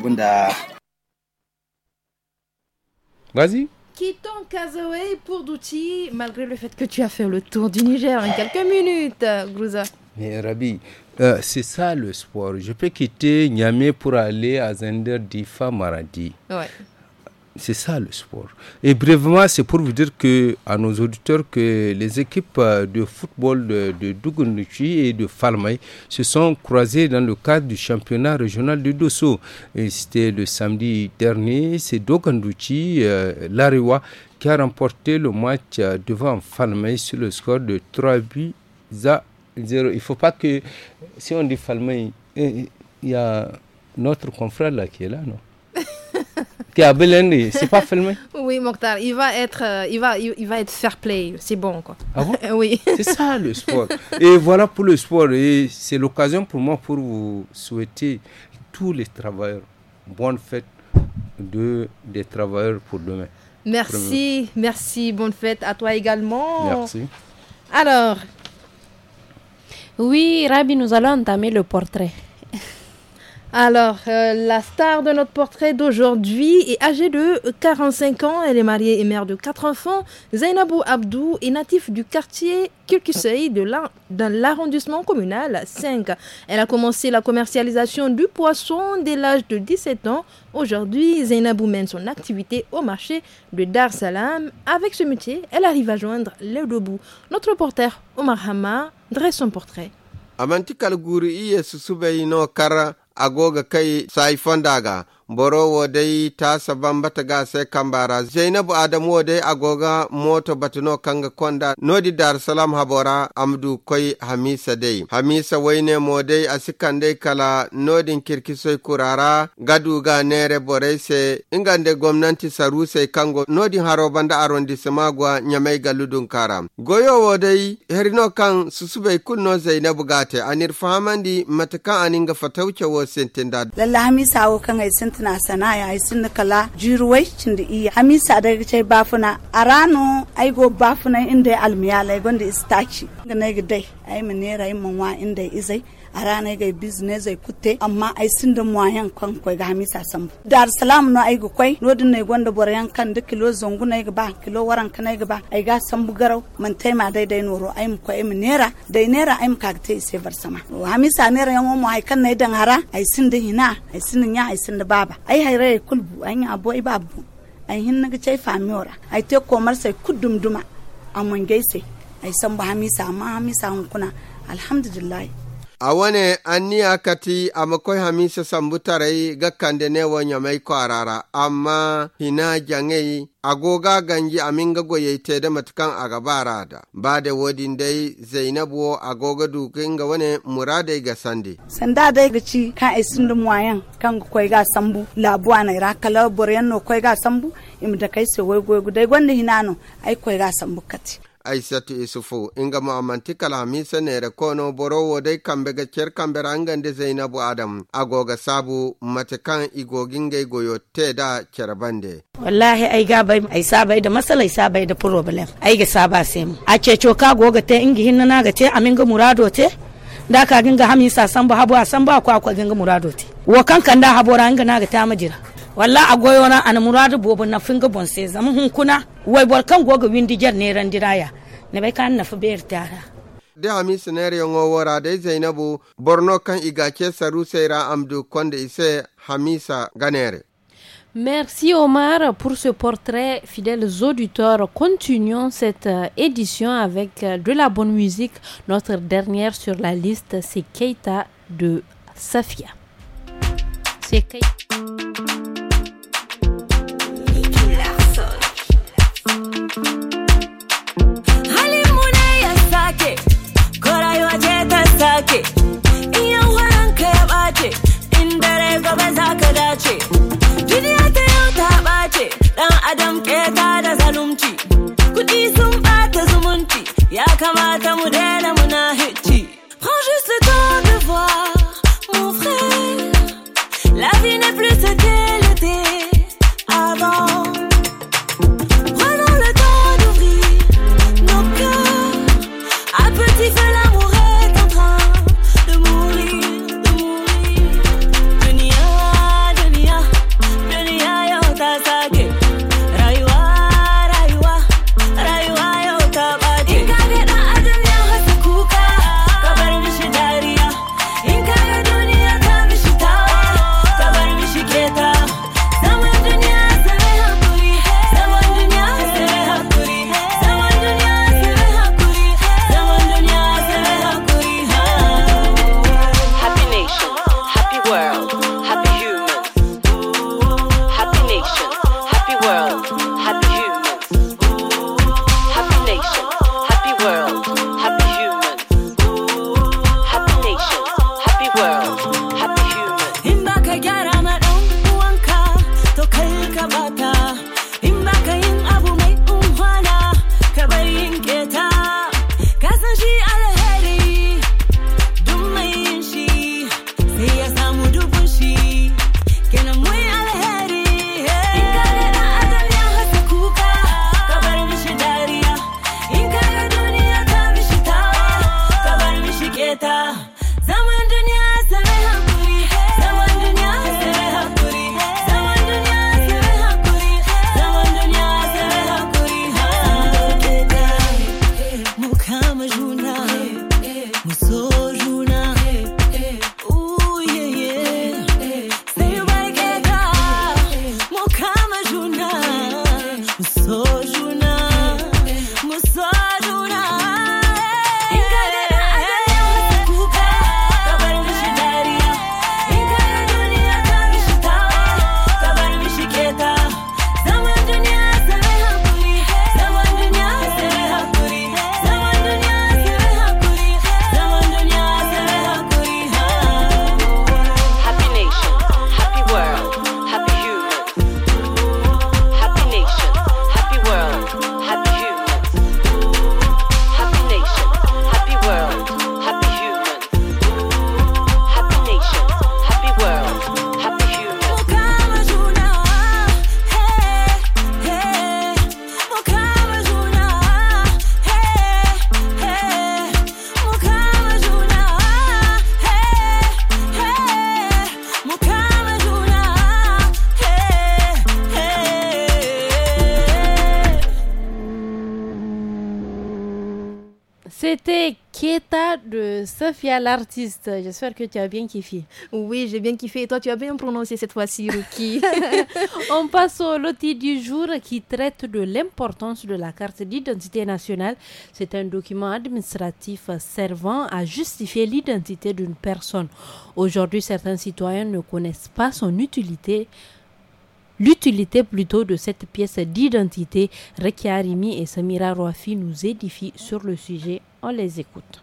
[SPEAKER 13] Vas-y.
[SPEAKER 1] Quittons Kazaway pour d'outils malgré le fait que tu as fait le tour du Niger en quelques minutes, Grouza.
[SPEAKER 17] Mais Rabi, euh, c'est ça le sport. Je peux quitter Niamey pour aller à Zender Difa Maradi. Ouais. C'est ça le sport. Et brièvement, c'est pour vous dire que, à nos auditeurs que les équipes euh, de football de, de et de Falmay se sont croisées dans le cadre du championnat régional de Dosso. C'était le samedi dernier. C'est Dugunuchi, euh, l'Ariwa, qui a remporté le match euh, devant Falmay sur le score de 3 buts à 0. Il ne faut pas que, si on dit Falmay, eh, eh, il y a notre confrère là qui est là, non [LAUGHS] bel à c'est pas filmé [LAUGHS]
[SPEAKER 1] Oui, Mokhtar, il va être, euh, il va, il, va être fair play, c'est bon quoi.
[SPEAKER 17] Ah bon [LAUGHS] Oui. C'est ça le sport. Et voilà pour le sport. Et c'est l'occasion pour moi pour vous souhaiter tous les travailleurs bonne fête de, des travailleurs pour demain. Merci,
[SPEAKER 1] merci, bonne fête à toi également. Merci. Alors, oui, Rabi, nous allons entamer le portrait. Alors, euh, la star de notre portrait d'aujourd'hui est âgée de 45 ans. Elle est mariée et mère de quatre enfants. Zainabou Abdou est natif du quartier Kirkusei de l'arrondissement communal 5. Elle a commencé la commercialisation du poisson dès l'âge de 17 ans. Aujourd'hui, Zainabou mène son activité au marché de Dar Salam. Avec ce métier, elle arrive à joindre les deux Notre reporter Omar Hama dresse son portrait.
[SPEAKER 10] agoga kai sai fondaga boro ta saban bata ga sai kambara zainabu adamu dai agoga moto batino kanga konda nodi dar salam habora amdu koi hamisa dai hamisa waine modai dai kala nodin kirkisoy kurara gaduga nere borai se ingande gwamnati sai kango nodin banda arondi semagwa nyamai galudun karam goyo dai herino kan susube kunno zainabu gate anir famandi matakan aninga fatauke wo sentinda
[SPEAKER 18] lalla hamisa wo kan ai tana sana ya sun kala jiruwai cin da iya hamisa da ce bafuna a rano ai go bafuna inda ya almiyala gonda istaci ga na gidai ai mu nera rayin mun wa inda izai arana ga business zai kute amma ai sun sinda moyen kan ko ga hamisa sam dar salam no ai ga koi no din ne gonda boryan kan duk kilo zongu ne ga ba kilo waran kan ga ba ai ga sam bugarau man tai ma dai dai noro ai mu ko mu nera dai nera ai mu ka ta sai bar sama hamisa nera yan mu ai kan ne dan hara ai sun da hina ai sun nya ai sun da baba ai haire kulbu ai abo ai babu ai hin naga chai famiora ai te komar sai kudum duma amon gaise ai san ba hamisa amma hamisa hun kuna alhamdulillah
[SPEAKER 10] a awone a kati amakoy hamise ga kande ne wo nyamay ko arara amma hina jangey agoga ganji aminga da matukan aga barada da wodin dai zainabu wo agoga ga wane muradai ga sande
[SPEAKER 18] sanda da dai ka kan isin da wayan kan koi ga sambu labuwa na ira kala boryan no koi ga sambu imda kai se wai goy gudai gonde hinano ai koi ga sambu kati
[SPEAKER 10] aissatu isufu inga mo amanti kalahamise nere kono boro dai kambe ga cer kambe rangande zainabu adam agoga sabu mate kan ga goyo teda cerbande
[SPEAKER 3] wallahi ai ga bai ai sabai da masala ai sabai da problem ai ga saba sem a ce coka goga te ingi hinna na ga te amin ga murado te da ka ginga hamisa san ba habu san ba ku akwa ginga murado te wa kankan da habora inga na ga ta majira walla a goyona ana muradu bobo na finga bon se zama hun kuna wai bor goga windi jar ne randiraya ne bai kan na fi bayar tara
[SPEAKER 10] da hami sinariyon wawara da zainabu borno kan igake saru saira amdu konda ise hamisa ganere
[SPEAKER 2] Merci Omar pour ce portrait, fidèles auditeurs. Continuons cette euh, édition avec euh, de la bonne musique. Notre dernière sur la liste, c'est Keita de Safia. C'est Keita.
[SPEAKER 19] Halimu ne adam keta da sun ɓata zumunci, ya kamata mu daina
[SPEAKER 2] l'artiste. J'espère que tu as bien kiffé. Oui, j'ai bien kiffé. Et toi, tu as bien prononcé cette fois-ci, Ruki. [LAUGHS] [LAUGHS] On passe au loti du jour qui traite de l'importance de la carte d'identité nationale. C'est un document administratif servant à justifier l'identité d'une personne. Aujourd'hui, certains citoyens ne connaissent pas son utilité l'utilité plutôt de cette pièce d'identité. Rekia Arimi et Samira Rouafi nous édifient sur le sujet. On les écoute.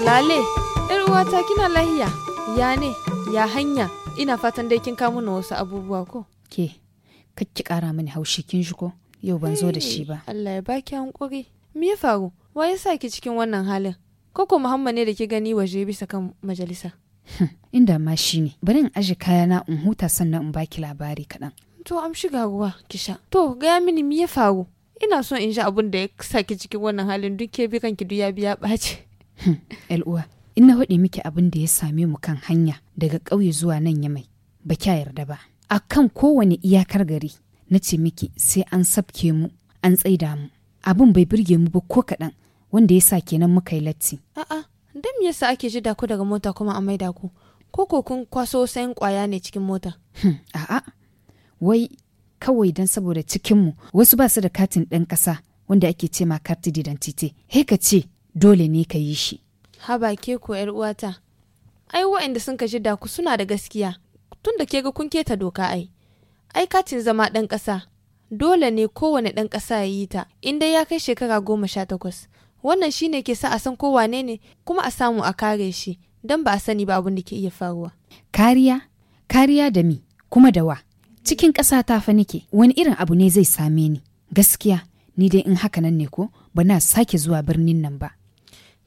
[SPEAKER 9] lale yar uwata kina lahiya ya ne ya hanya ina fatan dai kin kamo na wasu abubuwa ko
[SPEAKER 20] ke ki kara mini haushi kin shi ko yau ban zo da shi ba
[SPEAKER 9] Allah ya baki hankuri me ya faru wa ya sa ki cikin wannan halin koko Muhammad ne da ki gani waje bisa kan majalisa
[SPEAKER 20] hm, inda ma shi ne bari in aje kayana in huta sannan in baki labari kaɗan
[SPEAKER 9] to am shiga ruwa kisha. to gaya mini me ya faru ina so in sha abun da ya saki cikin wannan halin duk ke bi kanki duk ya biya ɓaci
[SPEAKER 20] Yal'uwa, hm, in na haɗe miki abin da ya same mu kan hanya daga ƙauye zuwa nan ya mai ba kya yarda ba. A kan kowane iyakar gari, na ce miki sai an sabke mu, an tsaida mu. Abin bai birge mu ba ko kaɗan, wanda ya sa kenan muka yi latti.
[SPEAKER 9] A'a, dan me yasa ake ji ku daga mota kuma a mai ku? Ko ko kun kwaso sayan ƙwaya ne cikin mota? Hm, a'a,
[SPEAKER 20] wai kawai dan saboda cikinmu wasu ba su da katin ɗan ƙasa wanda ake ce ma karti titi He ka ce dole ne ka yi shi
[SPEAKER 9] haba ke ko yar uwata ai waɗanda sun kaji da ku suna da gaskiya tun da ke ga kun keta doka ai ai katin zama ɗan ƙasa dole ne kowane ɗan ƙasa ya yi ta inda ya kai shekara goma sha takwas wannan shine ke sa a san ko wane ne kuma a samu a kare shi don ba a sani ba abin da ke iya faruwa
[SPEAKER 20] kariya kariya da mi kuma da wa
[SPEAKER 9] cikin ƙasa ta
[SPEAKER 20] fa nake wani irin abu ne zai same ni gaskiya ni dai in haka nan ne ko ba na sake zuwa birnin nan ba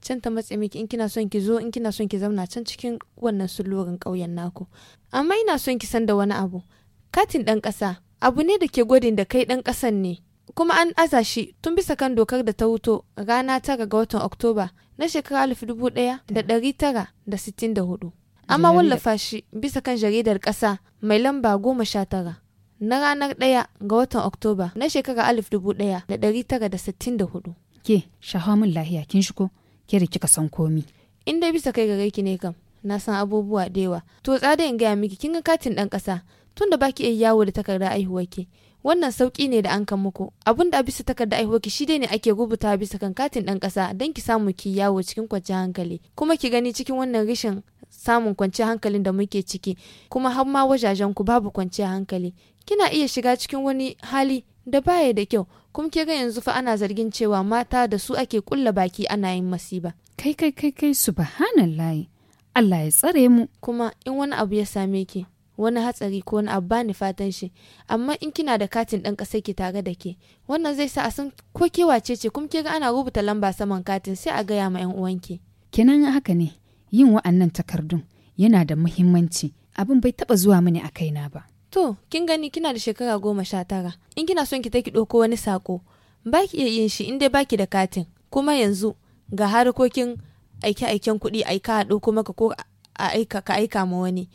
[SPEAKER 9] can ta matse miki in kina son ki zo in kina son ki zauna can cikin wannan sulurin ƙauyen naku amma ina son ki san da wani abu katin ɗan ƙasa abu ne da ke gwadin da kai ɗan ƙasan ne kuma an aza shi tun bisa kan dokar da ta wuto rana tara ga watan oktoba na shekara alif dubu ɗaya da ɗari tara da sittin da hudu amma wallafa shi bisa kan jaridar ƙasa mai lamba goma sha tara na ranar ɗaya ga watan oktoba na shekara alif dubu ɗaya da ɗari tara da sittin da hudu ke
[SPEAKER 20] shahamun lahiya kin shigo kiri kika san komi
[SPEAKER 9] in dai bisa kai ga gaiki ne kam na san abubuwa da yawa to tsada in gaya miki kin ga katin dan kasa da baki iya yawo da takarda aihuwa ke wannan sauki ne da an kan muku abun da bisa takarda aihuwa ki shi dai ne ake rubuta bisa kan katin dan kasa dan ki samu ki yawo cikin kwanciyar hankali kuma ki gani cikin wannan rishin samun kwanciyar hankalin da muke ciki kuma har ma wajajen ku babu kwanciyar hankali kina iya shiga cikin wani hali da baya da kyau kuma ke ga yanzu fa ana zargin cewa mata da su ake kulla baki ana yin masiba kai kai kai kai subhanallahi Allah ya tsare mu kuma in wani abu ya same ki wani hatsari ko wani abu bani fatan shi amma in kina da katin ɗan kasar ki tare da ke wannan zai sa a san ko ke wace ce kuma ke ga ana rubuta lamba saman katin sai a gaya ma yan uwanki
[SPEAKER 20] kenan haka ne yin wa'annan takardun yana da muhimmanci abin bai taɓa zuwa mini a kaina ba
[SPEAKER 9] To, kin gani kina da shekara goma sha tara. In kina son ki ta ki ɗauko wani saƙo ba ki iya yin shi in dai ki da katin. Kuma yanzu ga harkokin aike-aiken kuɗi aika a ɗauko maka ko a aika ka aika ma wani.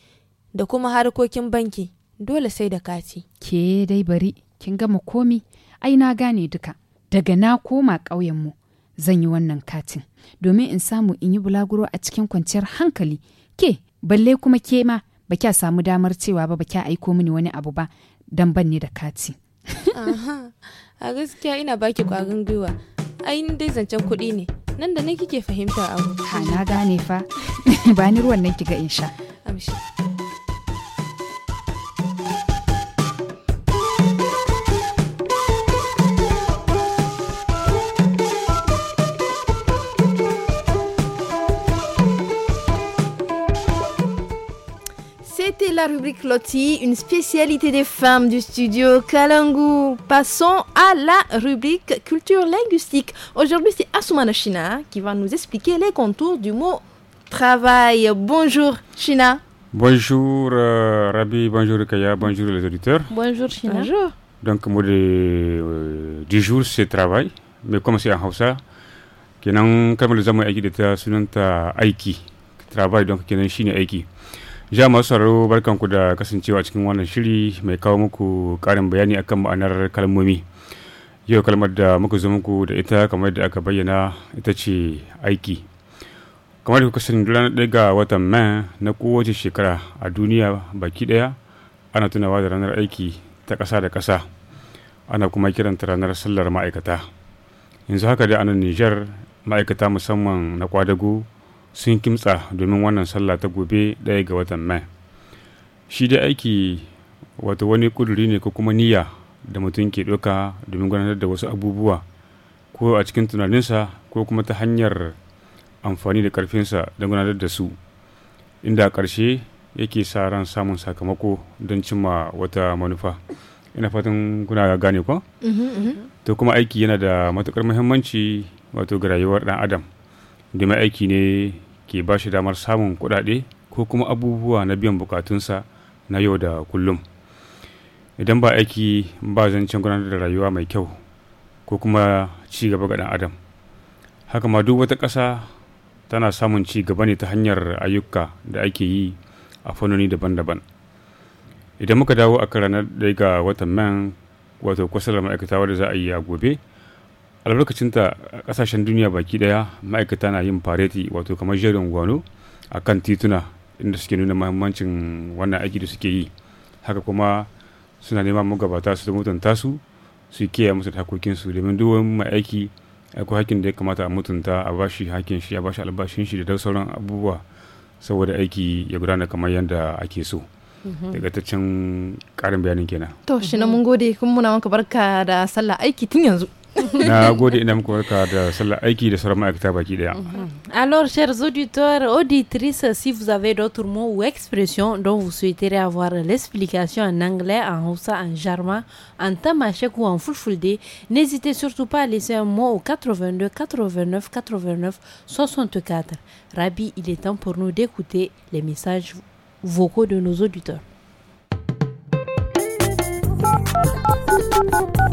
[SPEAKER 9] Da kuma harkokin banki dole sai da kati. Ke dai
[SPEAKER 20] bari, kin gama komi, ai na gane duka. Daga na koma ƙauyenmu zan yi wannan katin domin in samu in yi bulaguro a cikin kwanciyar hankali. Ke, balle kuma ke ma ba kya samu damar cewa ba ba kya aiko mini wani abu ba dan ban ni da kati
[SPEAKER 9] a gaskiya ina baki kwarin gwiwa ai dai zancen kuɗi ne nan da nan kike fahimtar abu ha na gane fa
[SPEAKER 20] [LAUGHS] ba ni ruwan nan ki ga in sha
[SPEAKER 1] la rubrique Loti, une spécialité des femmes du studio Kalangu. Passons à la rubrique culture linguistique. Aujourd'hui, c'est Asumana China qui va nous expliquer les contours du mot travail. Bonjour China.
[SPEAKER 16] Bonjour euh, Rabi, bonjour Kaya, bonjour les auditeurs.
[SPEAKER 1] Bonjour China.
[SPEAKER 16] Bonjour. Donc, mot de, euh, du jour, c'est travail. Mais comme c'est en Hausa, kenan kamar zamu aiki da ta sunanta aiki travail donc kenan aiki ja masu sauraro barkanku da kasancewa cikin wannan shiri mai kawo muku karin bayani akan ma'anar kalmomi yau kalmar da muka zo muku da ita kamar da aka bayyana ita ce aiki kamar da kuka sani ranar ɗaya ga watan mai na kowace shekara a duniya baki ɗaya ana tunawa da ranar aiki ta ƙasa da ƙasa ana kuma kiranta ranar sallar ma'aikata yanzu haka da anan nijar ma'aikata musamman na kwadago sun kimtsa domin wannan sallah ta gobe ɗaya ga watan mai shi dai aiki wato wani ƙuduri ne ko kuma niyya da mutum ke ɗauka domin gudanar da wasu abubuwa ko a cikin tunaninsa ko kuma ta hanyar amfani da ƙarfinsa don gudanar da su inda a ƙarshe yake sa ran samun sakamako don cimma wata manufa ina fatan kuna gane ko to kuma aiki yana da matuƙar muhimmanci wato ga rayuwar ɗan adam domin aiki ne ke ba shi damar samun kuɗaɗe ko kuma abubuwa na biyan bukatunsa na yau da kullum idan ba aiki ba zancen gudanar da rayuwa mai kyau ko kuma ci gaba ga ɗan adam haka ma duk wata ƙasa tana samun ci gaba ne ta hanyar ayyuka da ake yi a fannoni daban-daban idan muka dawo a ranar ɗaya ga watan man wato kwasar da ma'aikata wadda za a yi a gobe albarkacinta a kasashen duniya baki daya ma'aikata na yin fareti wato kamar jerin gwano a kan tituna inda suke nuna mahimmancin wannan aiki da suke yi haka kuma suna neman magabata su mutunta su su kiyaye musu hakokinsu domin duk wani mai aiki ko hakkin da ya kamata a mutunta a bashi hakkin shi a bashi albashin shi da sauran abubuwa saboda aiki ya gudana kamar yadda ake so daga mhm. ta can karin bayanin kenan to shi na mun
[SPEAKER 1] gode kun muna maka barka da sallah aiki tun yanzu Mhm.
[SPEAKER 2] Alors, chers auditeurs, auditrices, si vous avez d'autres mots ou expressions dont vous souhaiterez avoir l'explication en anglais, en russe, en jarma, en tamashek ou en fulfulde, n'hésitez surtout pas à laisser un mot au 82 89 89 64. Rabi, il est temps pour nous d'écouter les messages vocaux de nos auditeurs.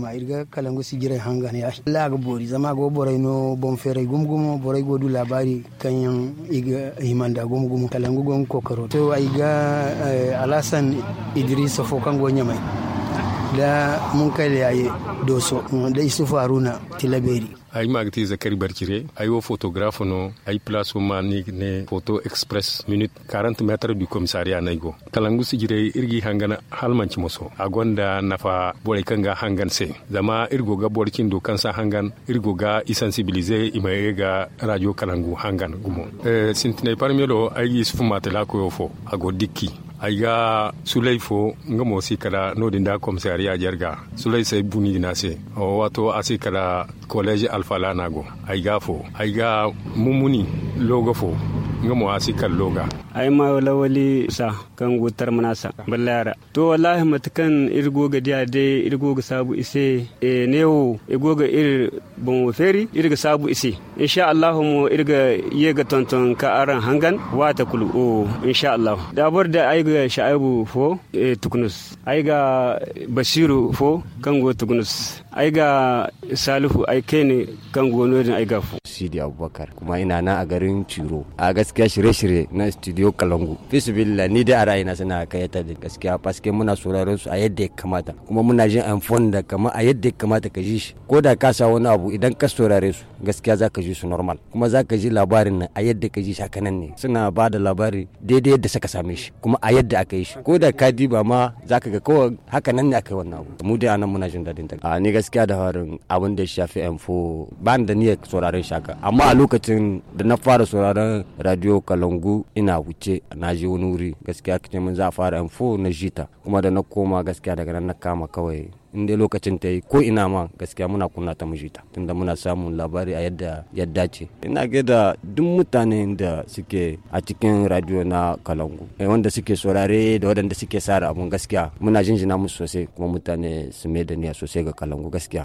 [SPEAKER 13] ma irga kalangu si jirai hangan ya la ga bori zama go borai no bon ferai gum gum borai go du labari kanyan iga himanda gum gum kalangu gon kokaro to ay ga eh, alasan idrisa fo go nyamai da mun kai yaye doso da isufu haruna tilaberi
[SPEAKER 16] ay magti zakari kari barcire ay wo photographe no ay place ma ni ne photo express minute 40 metre du commissariat nay go kalangu si jire irgi hangana halmanci moso agonda nafa bore kanga hangan se zama irgo ga borcin do kansa hangan irgo ga isensibiliser imaye ga radio kalangu hangan gumo e eh, sintine parmi lo ay isfu matela ko fo ago dikki aiga sulai fo nga mo si kala no dinda komisariya jarga sulai sai buni dina se o wato asi kala college alfalana go aiga fo aiga mumuni logo fo nga mo asi kallo ga
[SPEAKER 4] ai ma lawali sa kan gutar manasa ballara to wallahi matakan irgo ga dia de irgo ga sabu ise e newo e irgo ga ir bon feri irga sabu ise insha Allah mu irga yega tonton ka aran hangan wata kulu o insha Allah dabar da ai ga sha'abu fo e tukunus ai ga basiru fo kan go tukunus ai ga salihu ai kai ne kan gonorin ai fu. sidi abubakar kuma ina na a garin ciro a gaskiya shirye-shirye na studio kalangu bisbillah ni da a ra'ayina suna ta da gaskiya paske muna sauraron su a yadda ya kamata kuma muna jin fon da kama a yadda ya kamata ka ji shi ko da ka sa wani abu idan ka saurare su gaskiya za ka ji su normal kuma za ka ji labarin nan a yadda ka ji shi hakanan ne suna ba da labari daidai yadda saka same shi kuma a yadda aka yi shi ko da ka diba ma za ka ga kawai hakanan ne aka yi wannan abu mu dai anan muna jin dadin ta gaskiya da harin abin da shafi M4 ba da niyyar sauraron shaka amma a lokacin da na fara sauraron radio Kalangu ina wuce na je wani wuri gaskiya kace mun za a fara M4 na jita kuma da na koma gaskiya daga nan na kama kawai in dai lokacin ta yi ko ina ma gaskiya muna kunna ta ta tunda muna samun labari a yadda ya dace ina da duk mutane da suke a cikin radio na kalangu eh, wanda suke saurare da waɗanda suke sara abun gaskiya muna jinjina musu sosai kuma mutane su mai da niyya sosai ga kalangu gaskiya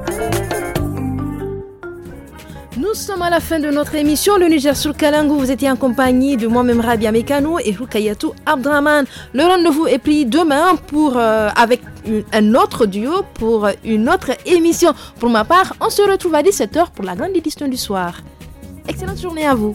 [SPEAKER 1] Nous sommes à la fin de notre émission, le Niger sur Kalangu. Vous étiez en compagnie de moi-même Rabia Mekano et Rukayatou Abdraman. Le rendez-vous est pris demain pour, euh, avec un autre duo pour une autre émission. Pour ma part, on se retrouve à 17h pour la grande édition du soir. Excellente journée à vous.